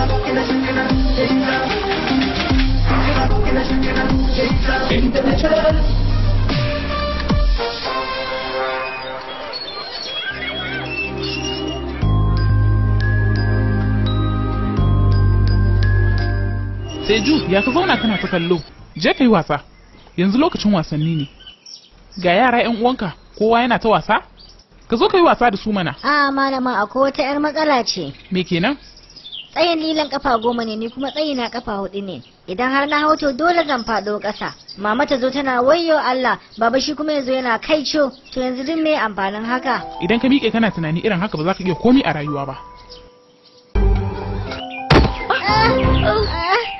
Seju ya ka zauna kana ta kallo, je ka yi wasa, yanzu lokacin wasanni ne. Ga yara 'yan uwanka kowa yana ta wasa? Ka zo ka yi wasa da su mana. A'a ah, malama akwai wata 'yar matsala ce. Me kenan? tsayin lilan kafa goma ne ni kuma tsayi na kafa hudu ne idan har na hauto dole zan fado kasa mama ta zo tana wayo Allah baba shi kuma yanzu yana kai co to yanzu din me amfanin haka idan ka miƙe kana tunani irin haka ba za ka iya komi a rayuwa ba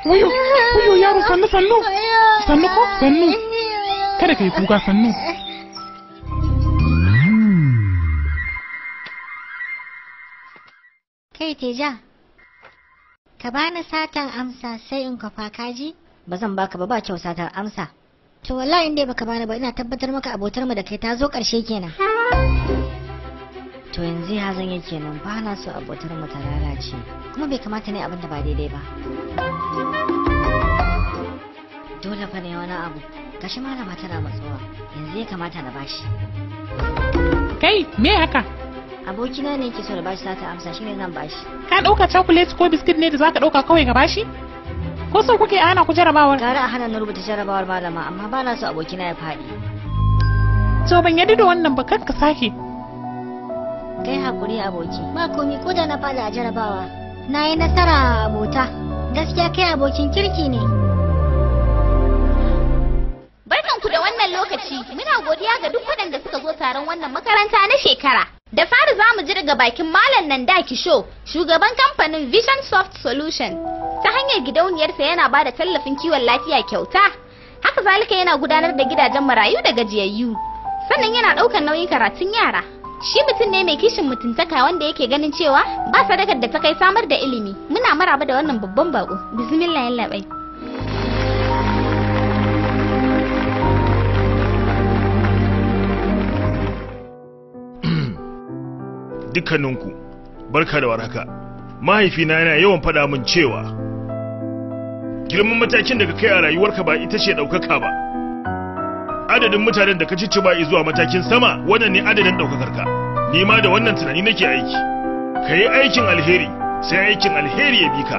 wayo wayo yaro sannu sannu sannu ko sannu kada ka yi kuka sannu kai teja Ka bani satan amsa sai in kwafa kaji? Ba zan baka ba ba kyau satan amsa. To wallahi in dai baka bani ba ina tabbatar maka abotar mu da kai ta zo ƙarshe kenan. To yanzu ya zan yake nan ba na so abotar mu ta lalace kuma bai kamata ne abinda ba daidai ba. Dole fa ne wani abu. Gashi malama tana matsowa yanzu ya kamata na bashi. Kai me haka? abokina ne yake so da bashi sata amsa shine zan bashi ka dauka chocolate ko biskit ne da zaka dauka kawai ga bashi ko so kuke ana ku jarabawar gara a hana na rubuta jarabawar malama amma ba na so abokina ya fadi to ban yadda da wannan ba kanka ka sake kai hakuri aboki ba komi ko da na fada a jarabawa na yi nasara abota gaskiya kai abokin kirki ne ku da wannan lokaci muna godiya ga duk waɗanda suka zo taron wannan makaranta na shekara Da fari za mu ji daga bakin Malam Nanda Kisho, shugaban kamfanin Vision Soft Solution. Ta hanyar gidauniyarsa yana ba da tallafin kiwon lafiya kyauta. Haka zalika yana gudanar da gidajen marayu da gajiyayyu. Sannan yana ɗaukar nauyin karatun yara. Shi mutum ne mai kishin mutuntaka wanda yake ganin cewa ba sadakar da ta kai samar da ilimi. Muna maraba da wannan babban bako. Bismillah dukkaninku barka da warhaka mahaifina yana yawan faɗa min cewa girman matakin da ka kai a rayuwarka ba ita ce ɗaukaka ba adadin mutanen da ka cicciba zuwa matakin sama wannan ne adadin ɗaukakarka ni ma da wannan tunani nake aiki ka yi aikin alheri sai aikin alheri ya bi ka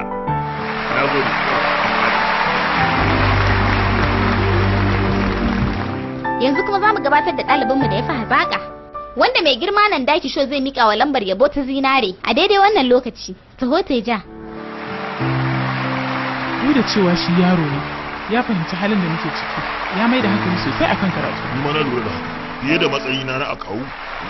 yanzu kuma zamu gabatar da ɗalibinmu da ya fi wanda mai girma nan daki sho zai mika wa lambar yabo ta zinare a daidai wannan lokaci taho ta ja duk da cewa shi yaro ne ya fahimci halin da muke ciki ya mai da hankali sosai akan karatu ni mana lura da fiye da matsayina na akawu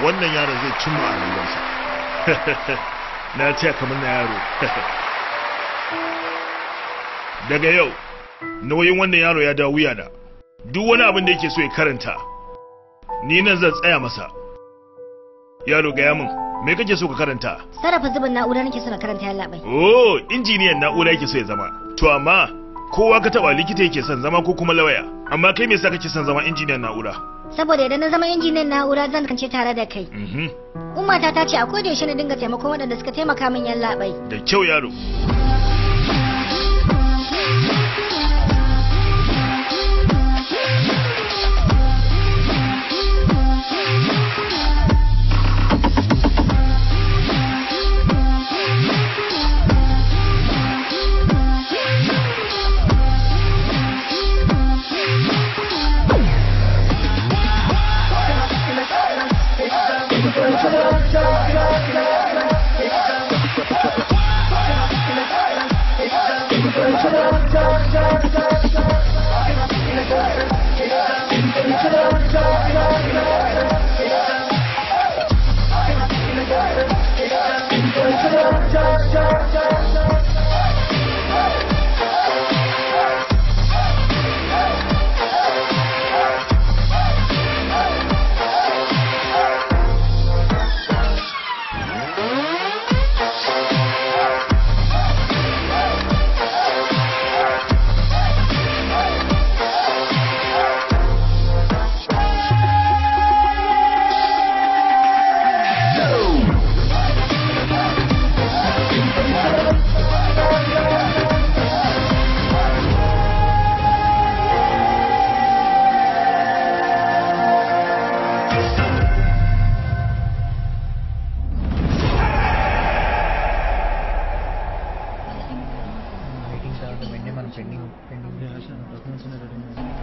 wannan yaron zai cimma a rayuwarsa na ce kamar na yaro daga yau nauyin wannan yaro ya dawo na duk wani abin da yake so ya karanta ni nan zan tsaya masa yaro gaya min me kake so ka karanta sarrafa zubin na'ura nake so na karanta yalla bai oh injiniyan na'ura yake so ya zama to amma kowa ka taba likita yake son zama ko kuma lawaya amma kai me yasa kake son zama injiniyan na'ura saboda idan na zama injiniyan na'ura zan kance tare da kai mhm. umma ta ce a koda yaushe na dinga taimakon waɗanda suka taimaka min yalla bai da kyau yaro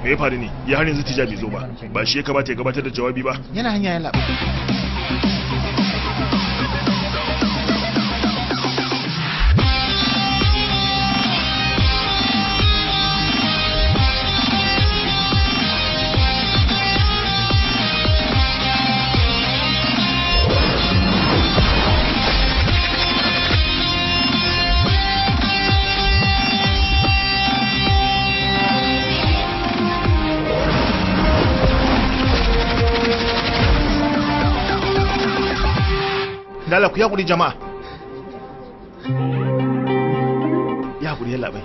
me ya faru ne ya har yanzu tija bai zo ba ba shi ya kamata ya gabatar da jawabi ba yana hanya ya ya kuri jama'a ya kuri yalla bai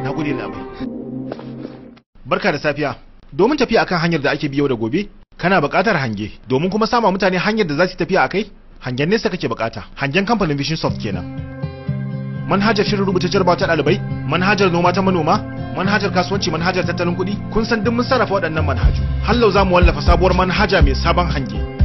na kuri yalla bai barka da safiya domin tafiya akan hanyar da ake biyo da gobe kana buƙatar hange domin kuma sama mutane hanyar da za su tafiya akai hangen nesa kake buƙata hangen kamfanin vision soft kenan manhajar shirin rubuta jarba ta ɗalibai manhajar noma ta manoma manhajar kasuwanci manhajar tattalin kuɗi kun san duk mun sarrafa waɗannan manhajo hallau za mu wallafa sabuwar manhaja mai sabon hange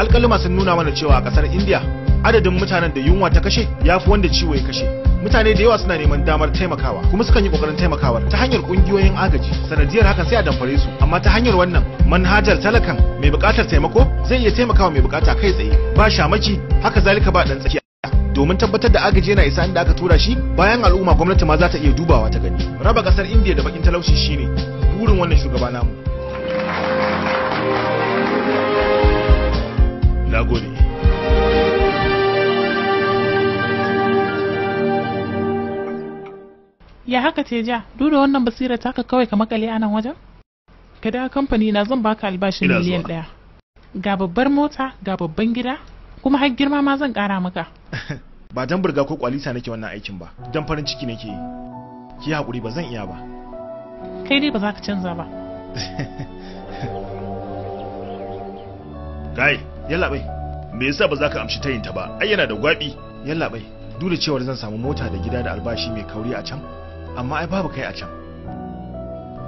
alkalima sun nuna mana cewa a kasar india adadin mutanen da yunwa ta kashe ya fi wanda ciwo ya kashe mutane da yawa suna neman damar taimakawa kuma sukan yi kokarin taimakawar ta hanyar kungiyoyin agaji sanadiyar hakan sai a damfare su amma ta hanyar wannan manhajar talakan mai bukatar taimako zai iya taimakawa mai bukata kai tsaye ba shamaki haka zalika ba dan tsakiya domin tabbatar da agaji yana isa inda aka tura shi bayan al'umma gwamnati ma za ta iya dubawa ta gani raba kasar India da bakin talauci shine burin wannan shugaba namu na ya haka ce ja duk wannan basira ta ka kawai ka makale a nan wajen ka da kamfani na zan baka albashin miliyan ɗaya ga babbar mota ga babban gida kuma har girma ma zan kara maka ba dan burga ko kwalisa nake wannan aikin ba dan farin ciki nake yi ki hakuri ba zan iya ba kai dai ba za ka canza ba kai yalla bai me yasa ba za ka amshi tayin ta ba ai yana da gwabi yalla bai dole cewar zan samu mota da gida da albashi mai kauri a can amma ai babu kai a can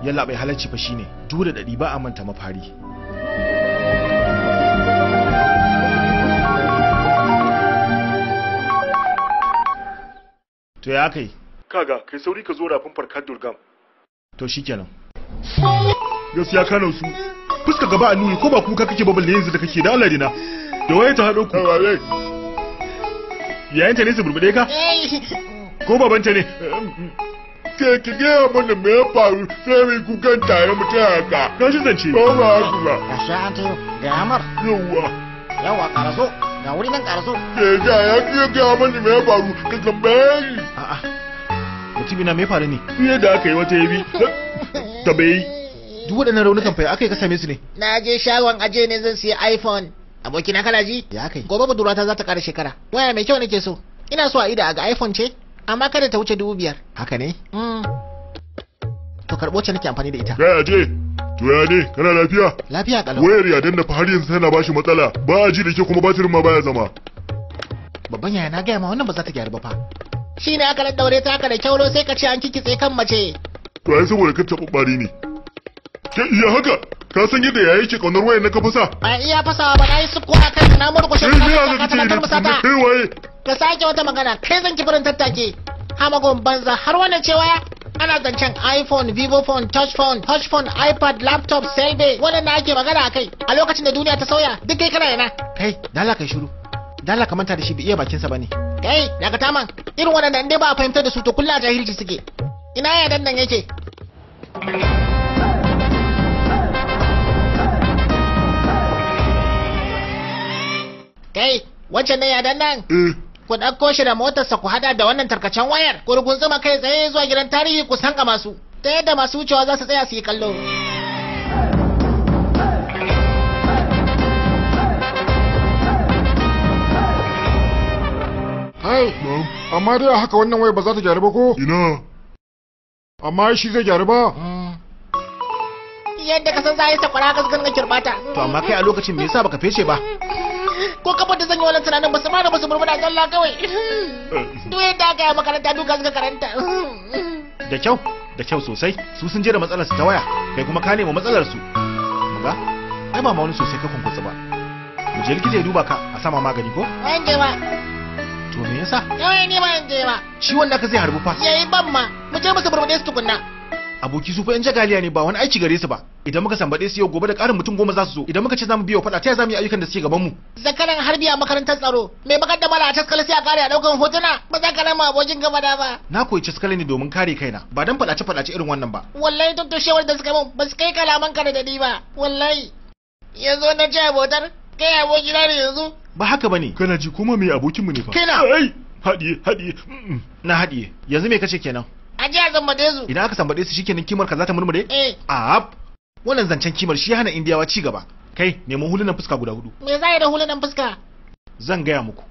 yalla bai halarci fa shine dole da ba a manta mafari to ya kai kaga kai sauri ka zo rafin farkar durgam to shikenan gaskiya kana su fuska gaba a nuni ko ba kuka kake ba balle yanzu da kake da Allah dina da waye ta hado ku yayin ta ne su burbude ka ko ta ne ke ki gaya mana me ya faru sai mai kukan tare mu ta ka ka shi zance ba ba su ba a ta ga amar yawa yawa karaso ga wuri nan karaso ke ga ya ki gaya mana me ya faru ka tambaye a a'a mutum ina me faru ne ni da aka yi wata yabi tambaye duk waɗannan raunukan fa aka yi ka same su ne na je shagon aje ne zan siya iphone abokina kana ji ya kai gobe budurwa ta za ta ƙara shekara waya mai kyau nake so ina so a ida ga iphone ce amma kada ta wuce dubu biyar haka ne mm. to karɓo ce nake amfani da ita gaya aje to ya ne kana lafiya lafiya kalau wayar ya danna fa har yanzu tana bashi matsala ba a ji da ke kuma batirin ma baya zama babban yaya na gaya ma wannan ba za ta gyaru ba fa shine aka daure ta aka da kyauro sai ka ce an kikitse kan mace to ai saboda ka taɓa ɓari ne ke iya haka? Ka san yadda yayi ke kaunar wayar na ka fasa? Ba iya fasa ba na yi sukuwa a kanka na murkushe ka ka ka ka musata. Kai waye? Ka sake wata magana kai zan ki furin tattake. Hamagon banza har wannan cewa ana zancen iphone vivo phone touch phone touch phone ipad laptop sai dai waɗanda ake magana a kai a lokacin da duniya ta sauya duk kai kana yana kai dala kai shiru dala ka manta da shi bi iya bakinsa bane kai daga taman irin waɗanda dai ba a fahimtar da su to kullum a jahilci suke ina ya dandan yake Kai, wacce ne ya nan? Eh. Ku ɗauko shi da motarsa ku haɗa da wannan tarkacen wayar. Ku rugunzuma kai tsaye zuwa gidan tarihi ku sanka masu. Ta yadda masu wucewa za su tsaya su yi kallo. Hai, amma dai haka wannan wayar ba za ta gyaru ba ko? Ina. Amma shi zai gyaru ba? Yadda ka san za a yi sakwara gaskan ga kirɓata. To amma kai a lokacin me yasa baka fece ba? ko kafa da zanyi wannan tunanin ba su mara ba su murmuna zalla kawai eh. duk yadda aka yi makaranta duka suka karanta da kyau da kyau sosai su sun jira matsalar su ta waya kai kuma ka nemi matsalar su ga ai ba ma wani sosai ka kunkusa ba mu je likita ya duba ka a sama magani ko an je ba to me yasa yau ne ba an je ba ciwon naka zai harbu fa yayi ban ma mu je musu burbuɗe su tukunna aboki su fa yan jagaliya ne ba wani aiki gare su ba idan muka sambade su yau gobe da ƙarin mutum goma za su zo idan muka ce za mu biyo fada ta za mu yi ayyukan da suke gaban mu zakaran harbi a makarantar tsaro mai bakar da mala a taskala sai a kare a ɗaukan hotuna ba za ka rama abokin gaba da ba na koyi taskala ne domin kare kaina ba dan faɗace faɗace irin wannan ba wallahi shewar da suka min ba su kai kalaman ka da ni ba wallahi yanzu na ce abotar kai abokina ne yanzu ba haka bane kana ji kuma mai abokinmu ne fa kina hadiye hadiye na hadiye yanzu me kace kenan a jiya a zambaɗe su idan aka zambaɗe su shikenan kimar ka za ta murmure eh ab wannan zancen kimar shi hana indiyawa ci gaba kai neman hulunan fuska guda hudu me za yi da hulunan fuska zan gaya muku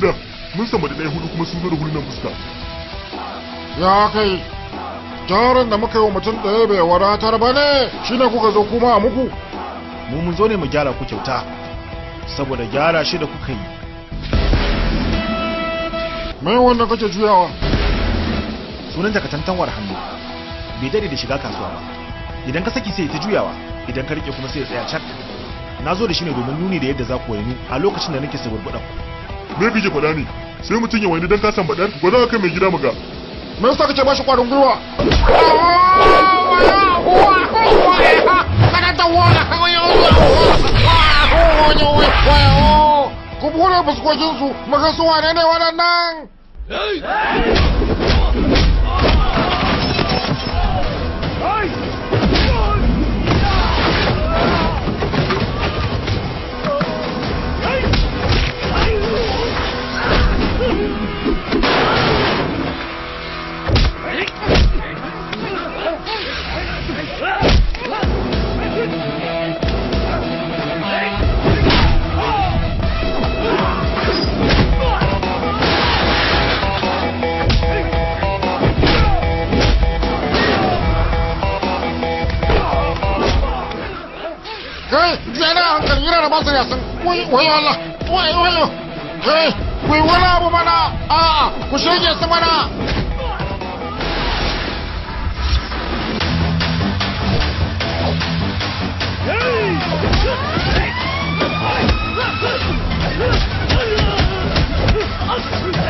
gida mun samu da ɗaya hudu kuma sun zo da fuska ya kai jarin da muka yi wa mutum ɗaya bai wadatar ba ne shine kuka zo kuma a muku mu mun zo ne mu gyara ku kyauta saboda gyara shi da kuka yi mai wanda kake juyawa sunan ka tantanwar hannu bai dade da shiga kasuwa ba idan ka saki sai ta juyawa idan ka rike kuma sai ya tsaya can na zo da shi ne domin nuni da yadda za ku wayanu a lokacin da nake saburbuɗan ku me bige faɗa ne sai mutum ya wani dan kasan baɗar ba za ka mai gida muga me yasa kake ba shi kwarin gwiwa ku buɗe fuskokinsu muka su wane ne waɗannan 哎，原来俺哥你来帮忙商量，我我有俺俩，我我有，哎，我有俺俩帮忙呐，啊，我兄弟也帮忙呐。哎。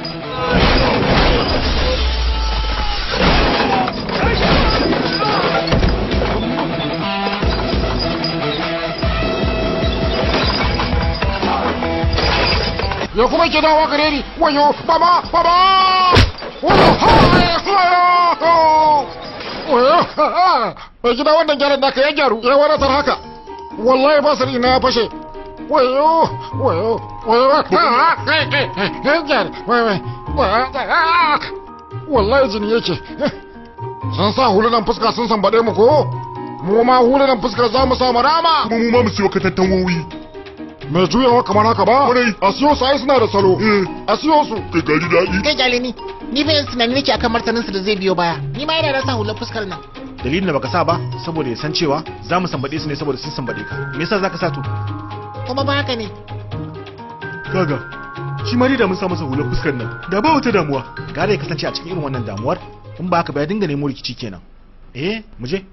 ya kuma ke dawa gare ni wayo baba baba wayo haye wayo wayo bai gida wannan gyaran naka ya gyaru ya wadatar haka wallahi basir ina ya fashe wayo wayo wayo kai kai ya gyaru wallahi jini yake sun sa hulunan fuska sun san baɗe mu ko mu ma hulunan fuska za mu sa marama kuma mu ma mu siyo katattan wowi mai juyawa kamar haka ba kwarai a siyo su suna da salo eh. a siyo su kai gari daɗi kai gyale ni ni fa yanzu tunani nake akan martanin su da zai biyo baya ni ma yana rasa hular fuskar nan dalilin da baka sa ba saboda ya san cewa za mu sambaɗe su ne saboda sun sambaɗe ka me yasa zaka sa to kuma ba haka ne kaga shi ma da mun sa masa hular fuskar nan da ba wata damuwa gara ya kasance a cikin irin wannan damuwar in ba haka ba ya dinga nemo rikici kenan eh mu je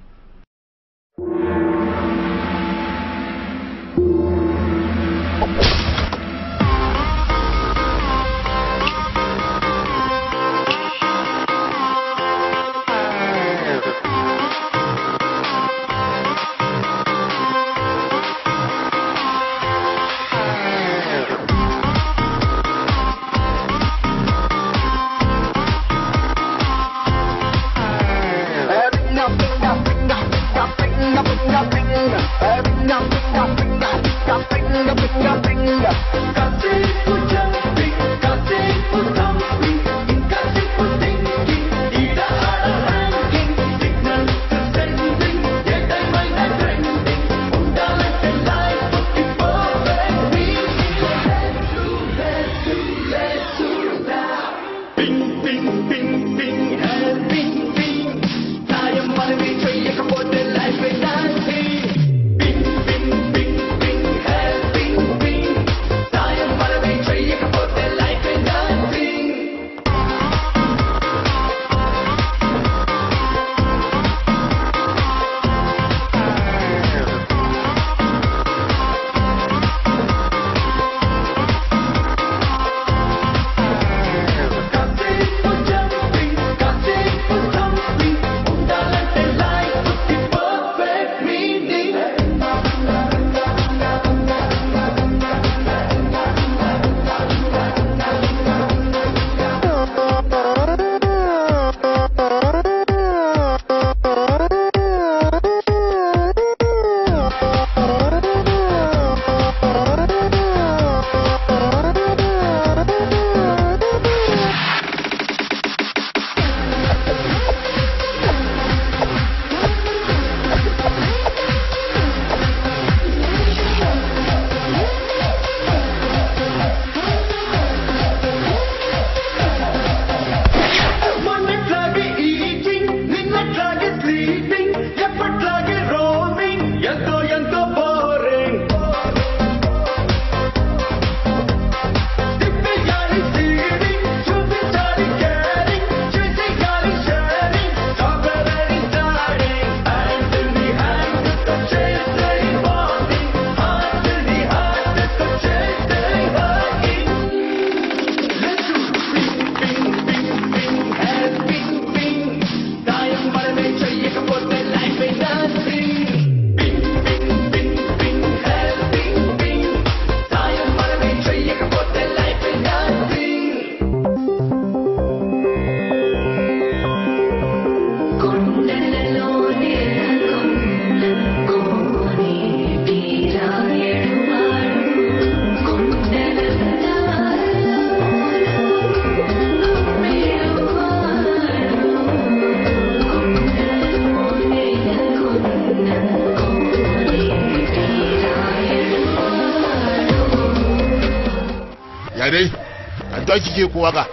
kowa ga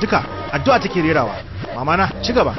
duka addu'a take rerawa mama na ci gaba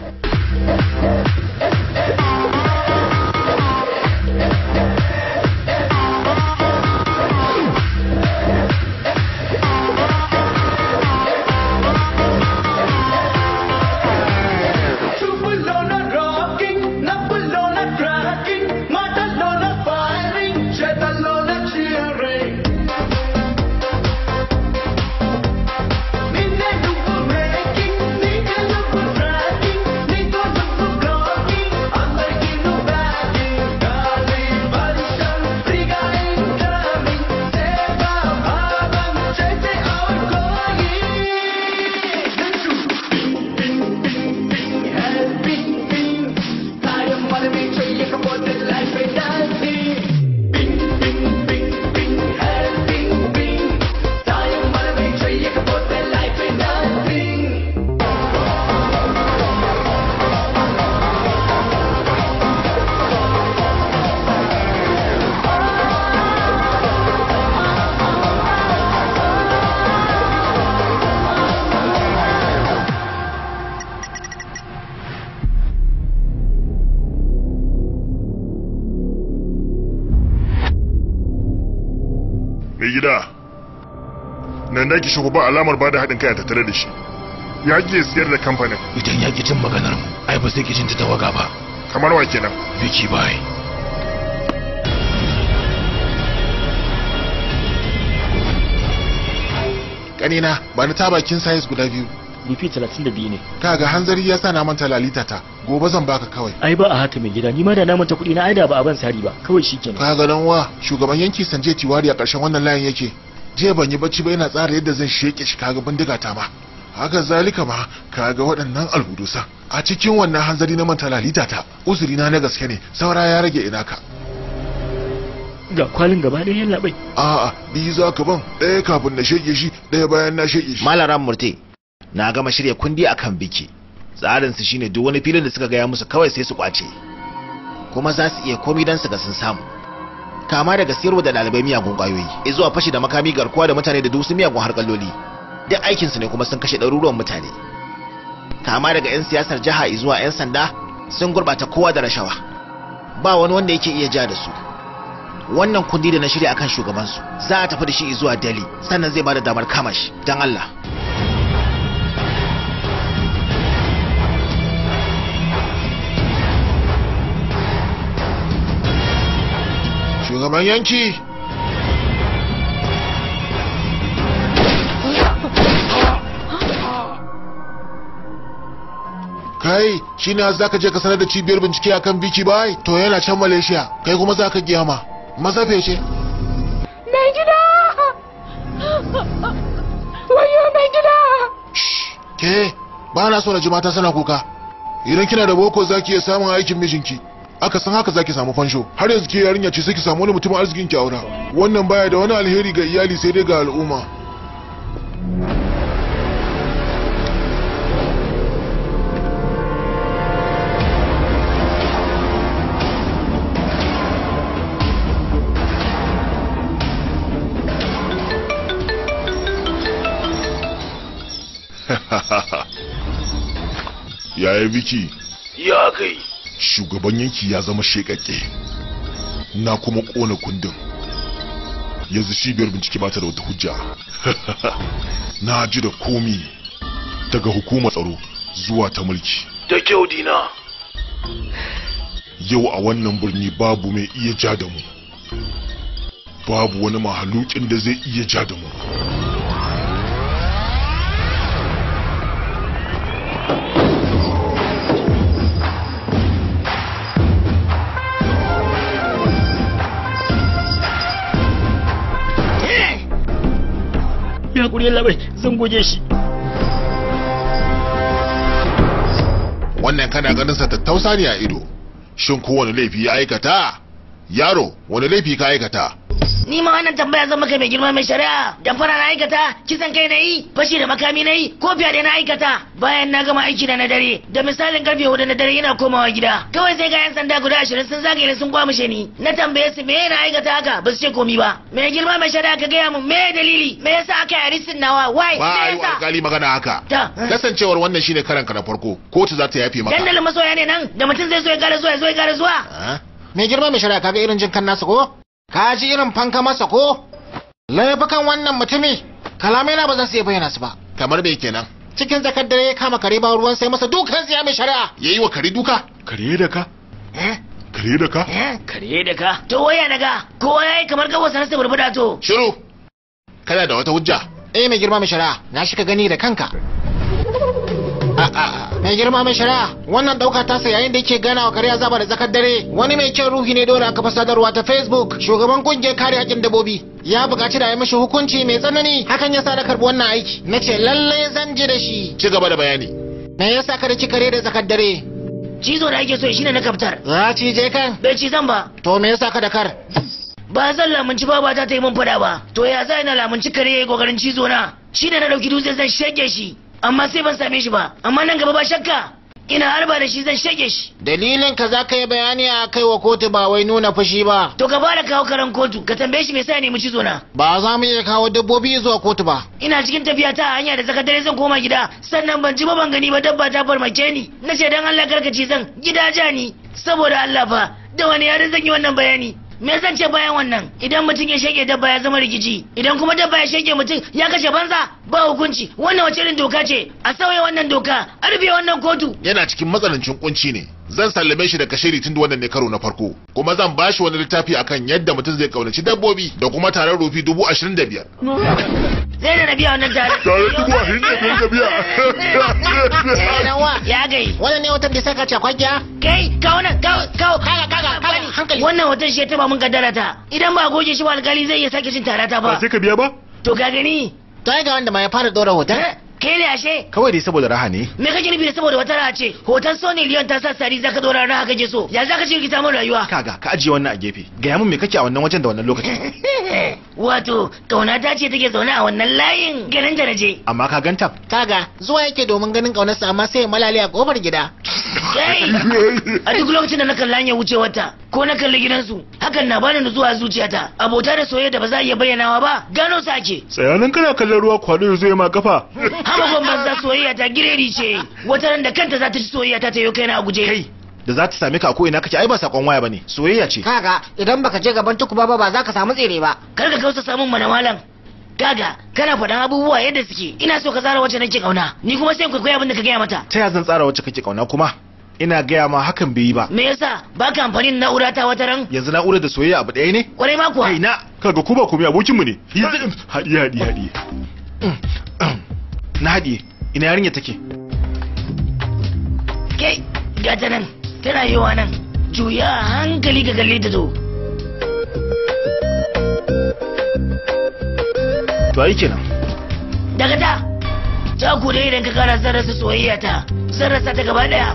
wanda yake ba alamar bada haɗin kai a tattare da shi ya ke siyar da kamfanin idan ya ki jin maganar mu ai ba sai ki jin ta tawaga ba kamar wa kenan biki bai kanina ba ni kin size guda biyu rufi 32 ne kaga hanzari ya sa na manta lalita ta gobe zan baka kawai ai ba a haka mai gida ni ma da na manta kudi na aida ba a ban sari ba kawai shikenan kaga dan wa shugaban yanki sanje tiwari a karshen wannan layin yake jiya ban yi bacci ba yana tsara yadda zan sheke shi kaga bindiga ta ma haka zalika ma kaga waɗannan alhudusa a cikin wannan hanzari na manta lalita ta uzuri na na gaske ne saura ya rage ina ka ga kwalin gaba ɗaya yan labai a'a biyu za ka ban ɗaya kafin na sheke shi ɗaya bayan na sheke shi malaran murte na gama shirya kundi akan biki tsarin su shine duk wani filin da suka gaya musu kawai sai su kwace kuma za su iya komi don su ga sun samu kama daga siyarwa da dalibai miyagun kwayoyi eh, zuwa fashi da makami garkuwa da mutane da dusu miyagun harkaloli duk su ne kuma sun kashe ɗaruruwan mutane kama daga 'yan siyasar jiha zuwa 'yan sanda sun gurɓata kowa da rashawa ba wani wanda yake iya ja da su wannan kundi da na shirya akan su za a tafi da shi zuwa Delhi sannan zai ba da damar kama shi don Allah shugaban yanki kai shi ne za ka je ka sanar da cibiyar bincike akan biki bai to yana can malaysia kai kuma za ka giyama mazafe ce mai gida wayo mai gida ke ba na so na ji mata sana kuka idan kina da boko za ki iya samun aikin mijinki aka san haka zaki samu fansho har yanzu ke yarinya ce sai ki samu wani mutumin arzikin ki wannan baya da wani alheri ga iyali sai dai ga al'umma Yaya biki? Ya kai. shugaban yanki ya zama shekake na kuma kona kundin yanzu cibiyar bincike ba ta da wata hujja na ji da komi daga hukumar tsaro zuwa ta mulki da kyau dina yau a wannan birni babu mai iya ja da mu babu wani mahalukin da zai iya ja da mu kai hakuri Allah bai zan goge shi wannan kana ganin sa tattausa ne a ido shin kowane laifi ya aikata yaro wani laifi ka aikata ni ma wannan tambaya zan maka mai girma mai shari'a fara na aikata kisan kai na yi fashi da makami na yi ko fyaɗe na aikata bayan na gama aiki na na dare da misalin karfe hudu na dare ina komawa gida kawai sai ga yan sanda guda ashirin sun zagaye sun kwamushe ni na tambaye su me na aikata haka ba su ce komi ba mai girma mai shari'a ka gaya mun me dalili me yasa aka yi arisin nawa wai me yasa alƙali magana haka eh. kasancewar wannan shine karan ka na farko kotu za ta yafe maka dandalin masoya ne nan da mutum zai so ya gara zuwa ya zo ya gara zuwa eh? mai girma mai shari'a kaga irin jin kan nasu ko ka ji irin fanka masa ko laifukan wannan mutumi kalamai na ba zan sai bayyana su ba kamar me kenan cikin zakar dare ya kama kare ba ruwan sai masa dukan sai mai shari'a yayi wa kare duka kare da ka eh kare da ka eh? kare da ka to waya naga ko yayi kamar gawa sanar sai burbuda to shiru kana da wata hujja eh mai girma mai shari'a na shi ka gani da kanka mai girma mai shari'a wannan dauka ta sa yayin da yake gana wa kare azaba da zakar dare wani mai kyan ruhi ne dole aka sadarwa ta facebook shugaban kungiyar kare hakin dabbobi ya buƙaci da ya mishi hukunci mai tsanani hakan ya sa da karɓi wannan aiki na ce lallai zan ji da shi ci gaba da bayani me yasa ka da kare da zakar dare cizo da ake so shine na kaftar za ci je kan bai ci zan ba to me yasa ka da kar ba zan lamunci baba ta ta yi min fada ba to ya za ina lamunci kare ya yi kokarin cizo na shine na dauki dutse zan shege shi amma sai ban same shi ba amma nan gaba ba shakka ina harba da shi zan shage shi dalilin ka za ka yi bayani a kai wa kotu ba wai nuna fushi ba to ka fara kawo karan kotu ka tambaye shi me sa nemi cizo na ba za mu iya kawo dabbobi zuwa kotu ba ina cikin tafiya ta hanya da tsakar dare zan koma gida sannan ban ji ba ban gani ba dabba ta farmake ni na ce dan Allah karkace zan gida ja ni saboda Allah fa da wani yare zan yi wannan bayani me zan ce bayan wannan idan mutum ya shege dabba ya zama rikici idan kuma dabba ya shege mutum ya kashe banza ba hukunci wannan wace irin doka ce a sauya wannan doka a rufe wannan kotu yana cikin matsanancin kunci ne zan sallame shi daga shiri tun da wannan ne karo na farko kuma zan ba shi wani littafi akan yadda mutum zai kaunaci dabbobi da kuma taron rufi dubu ashirin da biyar. Zai da biya wannan tare. Tare dubu ashirin da biyar da biya. Ya gai. Wannan ne watan da saka cakwakiya? Kai ka wannan ka ka kaga kaga kaga hankali. Wannan watan shi ya taba mun gaddara ta. Idan ba goge shi ba alkali zai iya sake cin tarata ba. Ba sai ka biya ba? To ga gani. To ai ga wanda ma ya fara dora hoton. Eh? kai ne ashe kawai dai saboda raha ne me kake nufi saboda wata raha ce hoton sony leon ta sa sari zaka dora raha kake so ya zaka ci rikita mun rayuwa kaga ka ajiye wannan a gefe ga mun me kake a wannan wajen da wannan lokacin wato kauna ta ce take zaune a wannan layin ganin da naje amma ka ganta kaga zuwa yake domin ganin kaunarsa amma sai ya malale a kofar gida a duk lokacin da na kalla ya wuce wata ko na kalli gidansu hakan na bani nutsuwa zuciyata abota da soyayya da ba za a iya bayyanawa ba gano sake tsayanin kana kallon ruwa kwado yanzu ya ma kafa hamagon banza soyayya ta gireri ce wata ran da kanta za ta ci soyayya ta tayo kaina a guje kai da za ta same ka a ko'ina kace ai ba sakon waya bane soyayya ce kaga idan baka je gaban tukuba ba ba za ka samu tsere ba kar ka kausa samun mana malam kaga kana faɗan abubuwa yadda suke ina so ka tsara wacce nake kauna ni kuma sai ku koyi abin da ka gaya mata ta ya zan tsara wacce kake kauna kuma ina gaya ma hakan bai yi ba me yasa ba ka amfani da na'ura ta wata ran yanzu na'urar da soyayya abu ɗaya ne kwarai ma kuwa ina kaga ku ba ku mai abokin mu ne yanzu hadi hadi hadi mm, mm. na haɗiye ina yarinya take ke gata nan tana yiwa nan juya hankali ga galle da zo to ai kenan daga ta ta gode idan ka kara zan rasa soyayya ta zan rasa ta gaba daya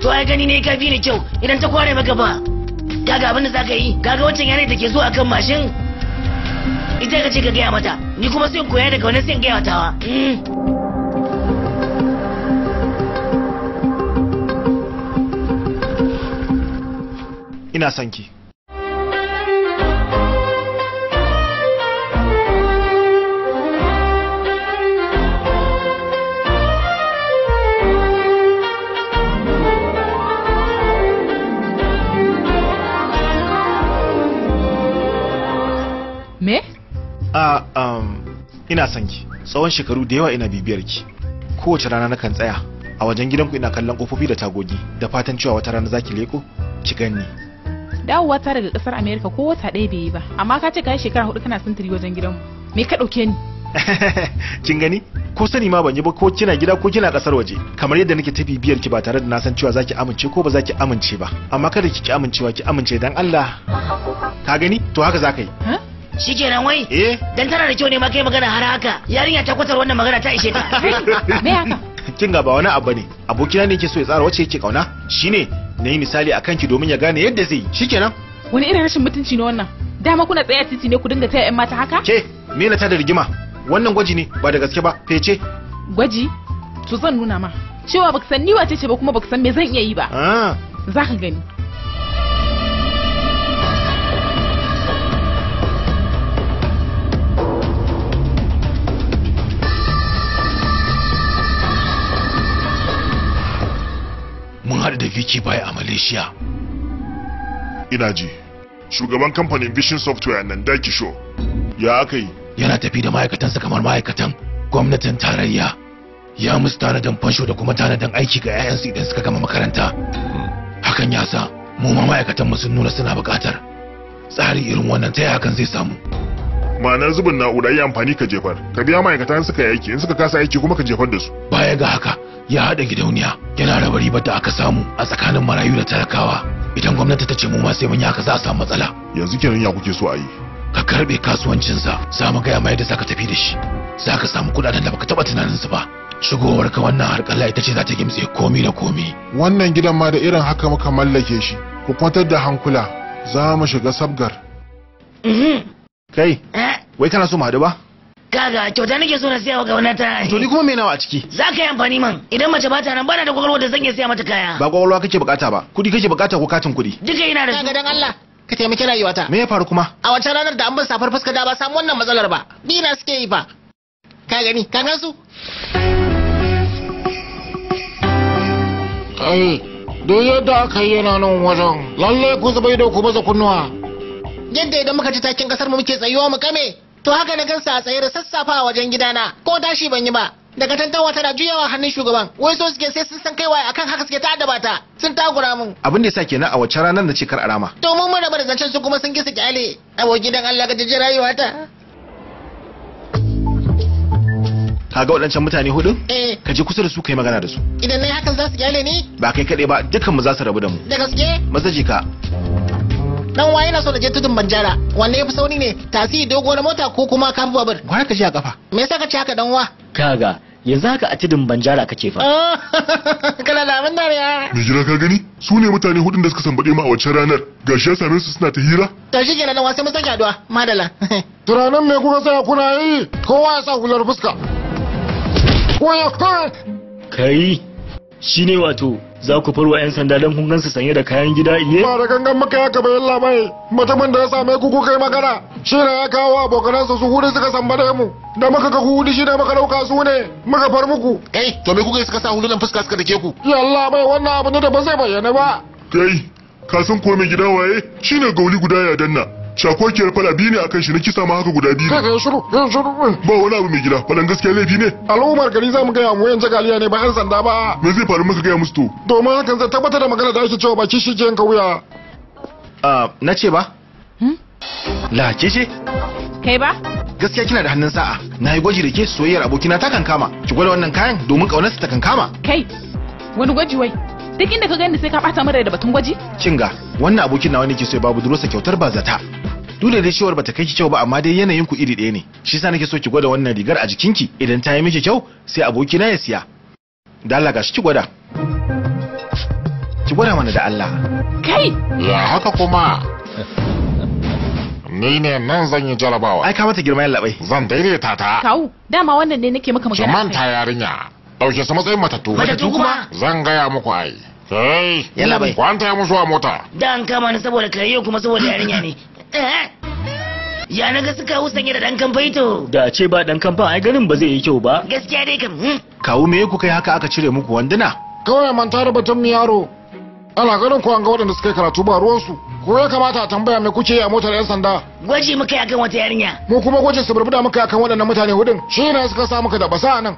to ai gani ne ka fi ni kyau idan ta kware maka ba kaga abin da zaka yi kaga wancan yana da ke zuwa kan mashin ita ka ce ka gaya mata ni kuma sai koya daga wani sai gaya matawa hmm. ina sanki? a um, ina son ki tsawon shekaru da yawa ina bibiyar ki kowace rana na kan tsaya a wajen gidanku ina kallon kofofi da tagogi da fatan cewa wata rana zaki leko ki ganni dawowa ta daga kasar america ko wata ɗaya bai yi ba amma ka ce ka yi shekara hudu kana sintiri wajen gidanmu me ka ɗauke ni kin gani ko sani ma ban yi ba ko kina gida ko kina kasar waje kamar yadda nake ta bibiyar ki ba tare da na san cewa zaki amince ko ba zaki amince ba amma kada ki ki amincewa ki amince dan Allah ka gani to haka zaka yi shikenan wai eh dan tana da kyau ne ma kai magana har haka yarinya ta kwatar wannan magana ta ishe ta me haka kin ga ba wani abu ne abokina ne yake so ya tsara wacce yake kauna shine na yi misali akan ki domin ya gane yadda zai yi shikenan wani irin rashin mutunci ne wannan dama kuna tsaye a titi ne ku dinga taya yan mata haka ke me na ta da rigima wannan gwaji ne ba da gaske ba fece gwaji to zan nuna ma cewa baka san ni wace ce ba kuma baka san me zan iya yi ba ah. za ka gani haɗu da Vicky Bai a Malaysia. Ina ji, shugaban kamfanin Vision Software nan Daki ya aka Yana tafi da ma'aikatansa kamar ma'aikatan gwamnatin tarayya. Ya musu tanadin fansho da kuma tanadin aiki ga 'ya'yansu idan suka gama makaranta. Hakan ya sa mu ma ma'aikatan mu sun nuna suna buƙatar tsari irin wannan ta hakan zai samu. ma'ana zubin na'ura yi amfani ka jefar ka biya ma'aikata suka yi aiki in suka kasa aiki kuma ka jefar da su baya ga haka ya haɗa gidauniya yana raba ribar da aka samu a tsakanin marayu da talakawa idan gwamnati ta ce mu ma sai mun yi haka za a samu matsala yanzu kenan ya kuke so a yi ka karbe kasuwancinsa za mu gaya ma yadda za ka tafi da shi za ka samu kuɗaɗen da baka taɓa tunaninsu ba shigowar ka wannan harƙalla ita ce za ta gimtse komi da komai. wannan gidan ma da irin haka muka mallake shi ku kwantar da hankula za mu shiga sabgar mhm. kai eh? wai kana so mu ba kaga kyauta nake so na siya wa Ta... to ni kuma me nawa a ciki za ka yi amfani man idan mace ba ta nan bana da kwakwalwa da zan iya siya mata kaya ba kwakwalwa kake bukata ba kudi kake bukata ko katin kudi duka ina da su kaga dan Allah ka taimake rayuwata me ya faru kuma a wancan ranar da an bar safar fuska da ba samu wannan matsalar ba dina suke yi fa ka gani ka gan su kai duk yadda aka yi yana nan wajen lalle ku zubai da ku baza kunnuwa yadda idan muka ci takin kasar mu muke tsayuwa mu kame to haka na gansa a tsayar sassafa a wajen gidana ko tashi ban yi ba daga tantawa tana juyawa hannun shugaban wai so suke sai sun san kaiwa akan haka suke ta adaba ta sun takura mun abin da yasa kenan a wace ranar da cikar arama to mun mun rabar zancen su kuma sun kisa kyale aboki gidan Allah ga jiji rayuwa ta kaga waɗancan mutane hudu eh. ka je kusa da su kai magana da su idan nayi hakan za su kyale ni ba kai kaɗai ba dukan mu za su rabu da mu da gaske mazaji ka dan waye yana so na je tudun banjara wanne yafi sauni ne tasi dogo na mota ko kuma kafi babur gwara ka ji a kafa me yasa ka ci haka dan wa kaga yanzu haka a tudun banjara kake fa oh, kana lamun da ya jira ka gani su ne mutane hudun da suka sambaɗe mu a wacce ranar gashi ya same su suna ta hira to shi kenan wa sai mun sake addu'a madala turanin me kuka sa kuna yi kowa ya sa hular fuska kai Shi ne wato za ku farwa 'yan sanda don kun gansu sanye da kayan gida iye? Ba da gangan maka ya ka bayan labai mutumin da ya same ku kuka yi magana shi ne ya kawo abokanansa su hudu suka samba da mu da muka ka hudu shi ne muka dauka su ne muka far muku. Kai to me kuka yi suka sa hulunan fuska suka dake ku? Yalla bai wannan abu da ba zai bayyana ba. Kai ka san mai gida waye shi shine gauli guda ya danna. shakokiyar fada biyu ne a kan shi na kisa ma haka guda biyu ne shiru shiru ba wani abu mai gida falan gaskiya laifi ne al'ummar gari za mu gaya mu yanzu galiya ne ba yan sanda ba me zai faru muka gaya musu to domin hakan zai tabbatar da magana da ake cewa ba kishi ke yanka wuya ah na ce ba hmm? la ke ce kai ba gaskiya kina da hannun sa'a na yi gwaji da ke soyayyar abokina ta kankama ki gwada wannan kayan domin ƙaunarsa ta kankama kai wani gwaji wai duk inda ka gani sai ka bata mara da batun gwaji kinga wannan abokin nawa ne ke so ya babu durosa kyautar ba zata dole da dai shiwar bata kai ki kyau ba amma dai yanayin ku iri ɗaya ne shi yasa nake so ki gwada wannan rigar a jikinki idan ta yi miki kyau sai abokina ya siya da Allah gashi ki gwada ki gwada mana da Allah kai ya haka kuma ni ne nan zan yi jarabawa ai ka mata girma yallaɓai zan daidaita ta kawu dama wannan ne nake maka magana ta yarinya ɗauke sa matsayin matattu matattu kuma zan gaya muku ai kai yalla bai kwanta musu a mota da an kama ni saboda kare kuma saboda yarinya ne eh? ya na ga suka sanye da dan kamfaito. to da ce ba dan kamfan ai garin ba zai yi kyau ba gaskiya dai kam hmm? kawo me ku kai haka aka cire muku wanduna kawai manta da batun mu yaro ana ganin ko an ga waɗanda suka karatu ba ruwansu ko ya kamata a tambaya me kuke yi a motar yan sanda gwaji muka yi akan wata yarinya mu kuma gwajin su burbuda muka yi akan waɗannan mutane hudun shi ne suka sa muka da basa nan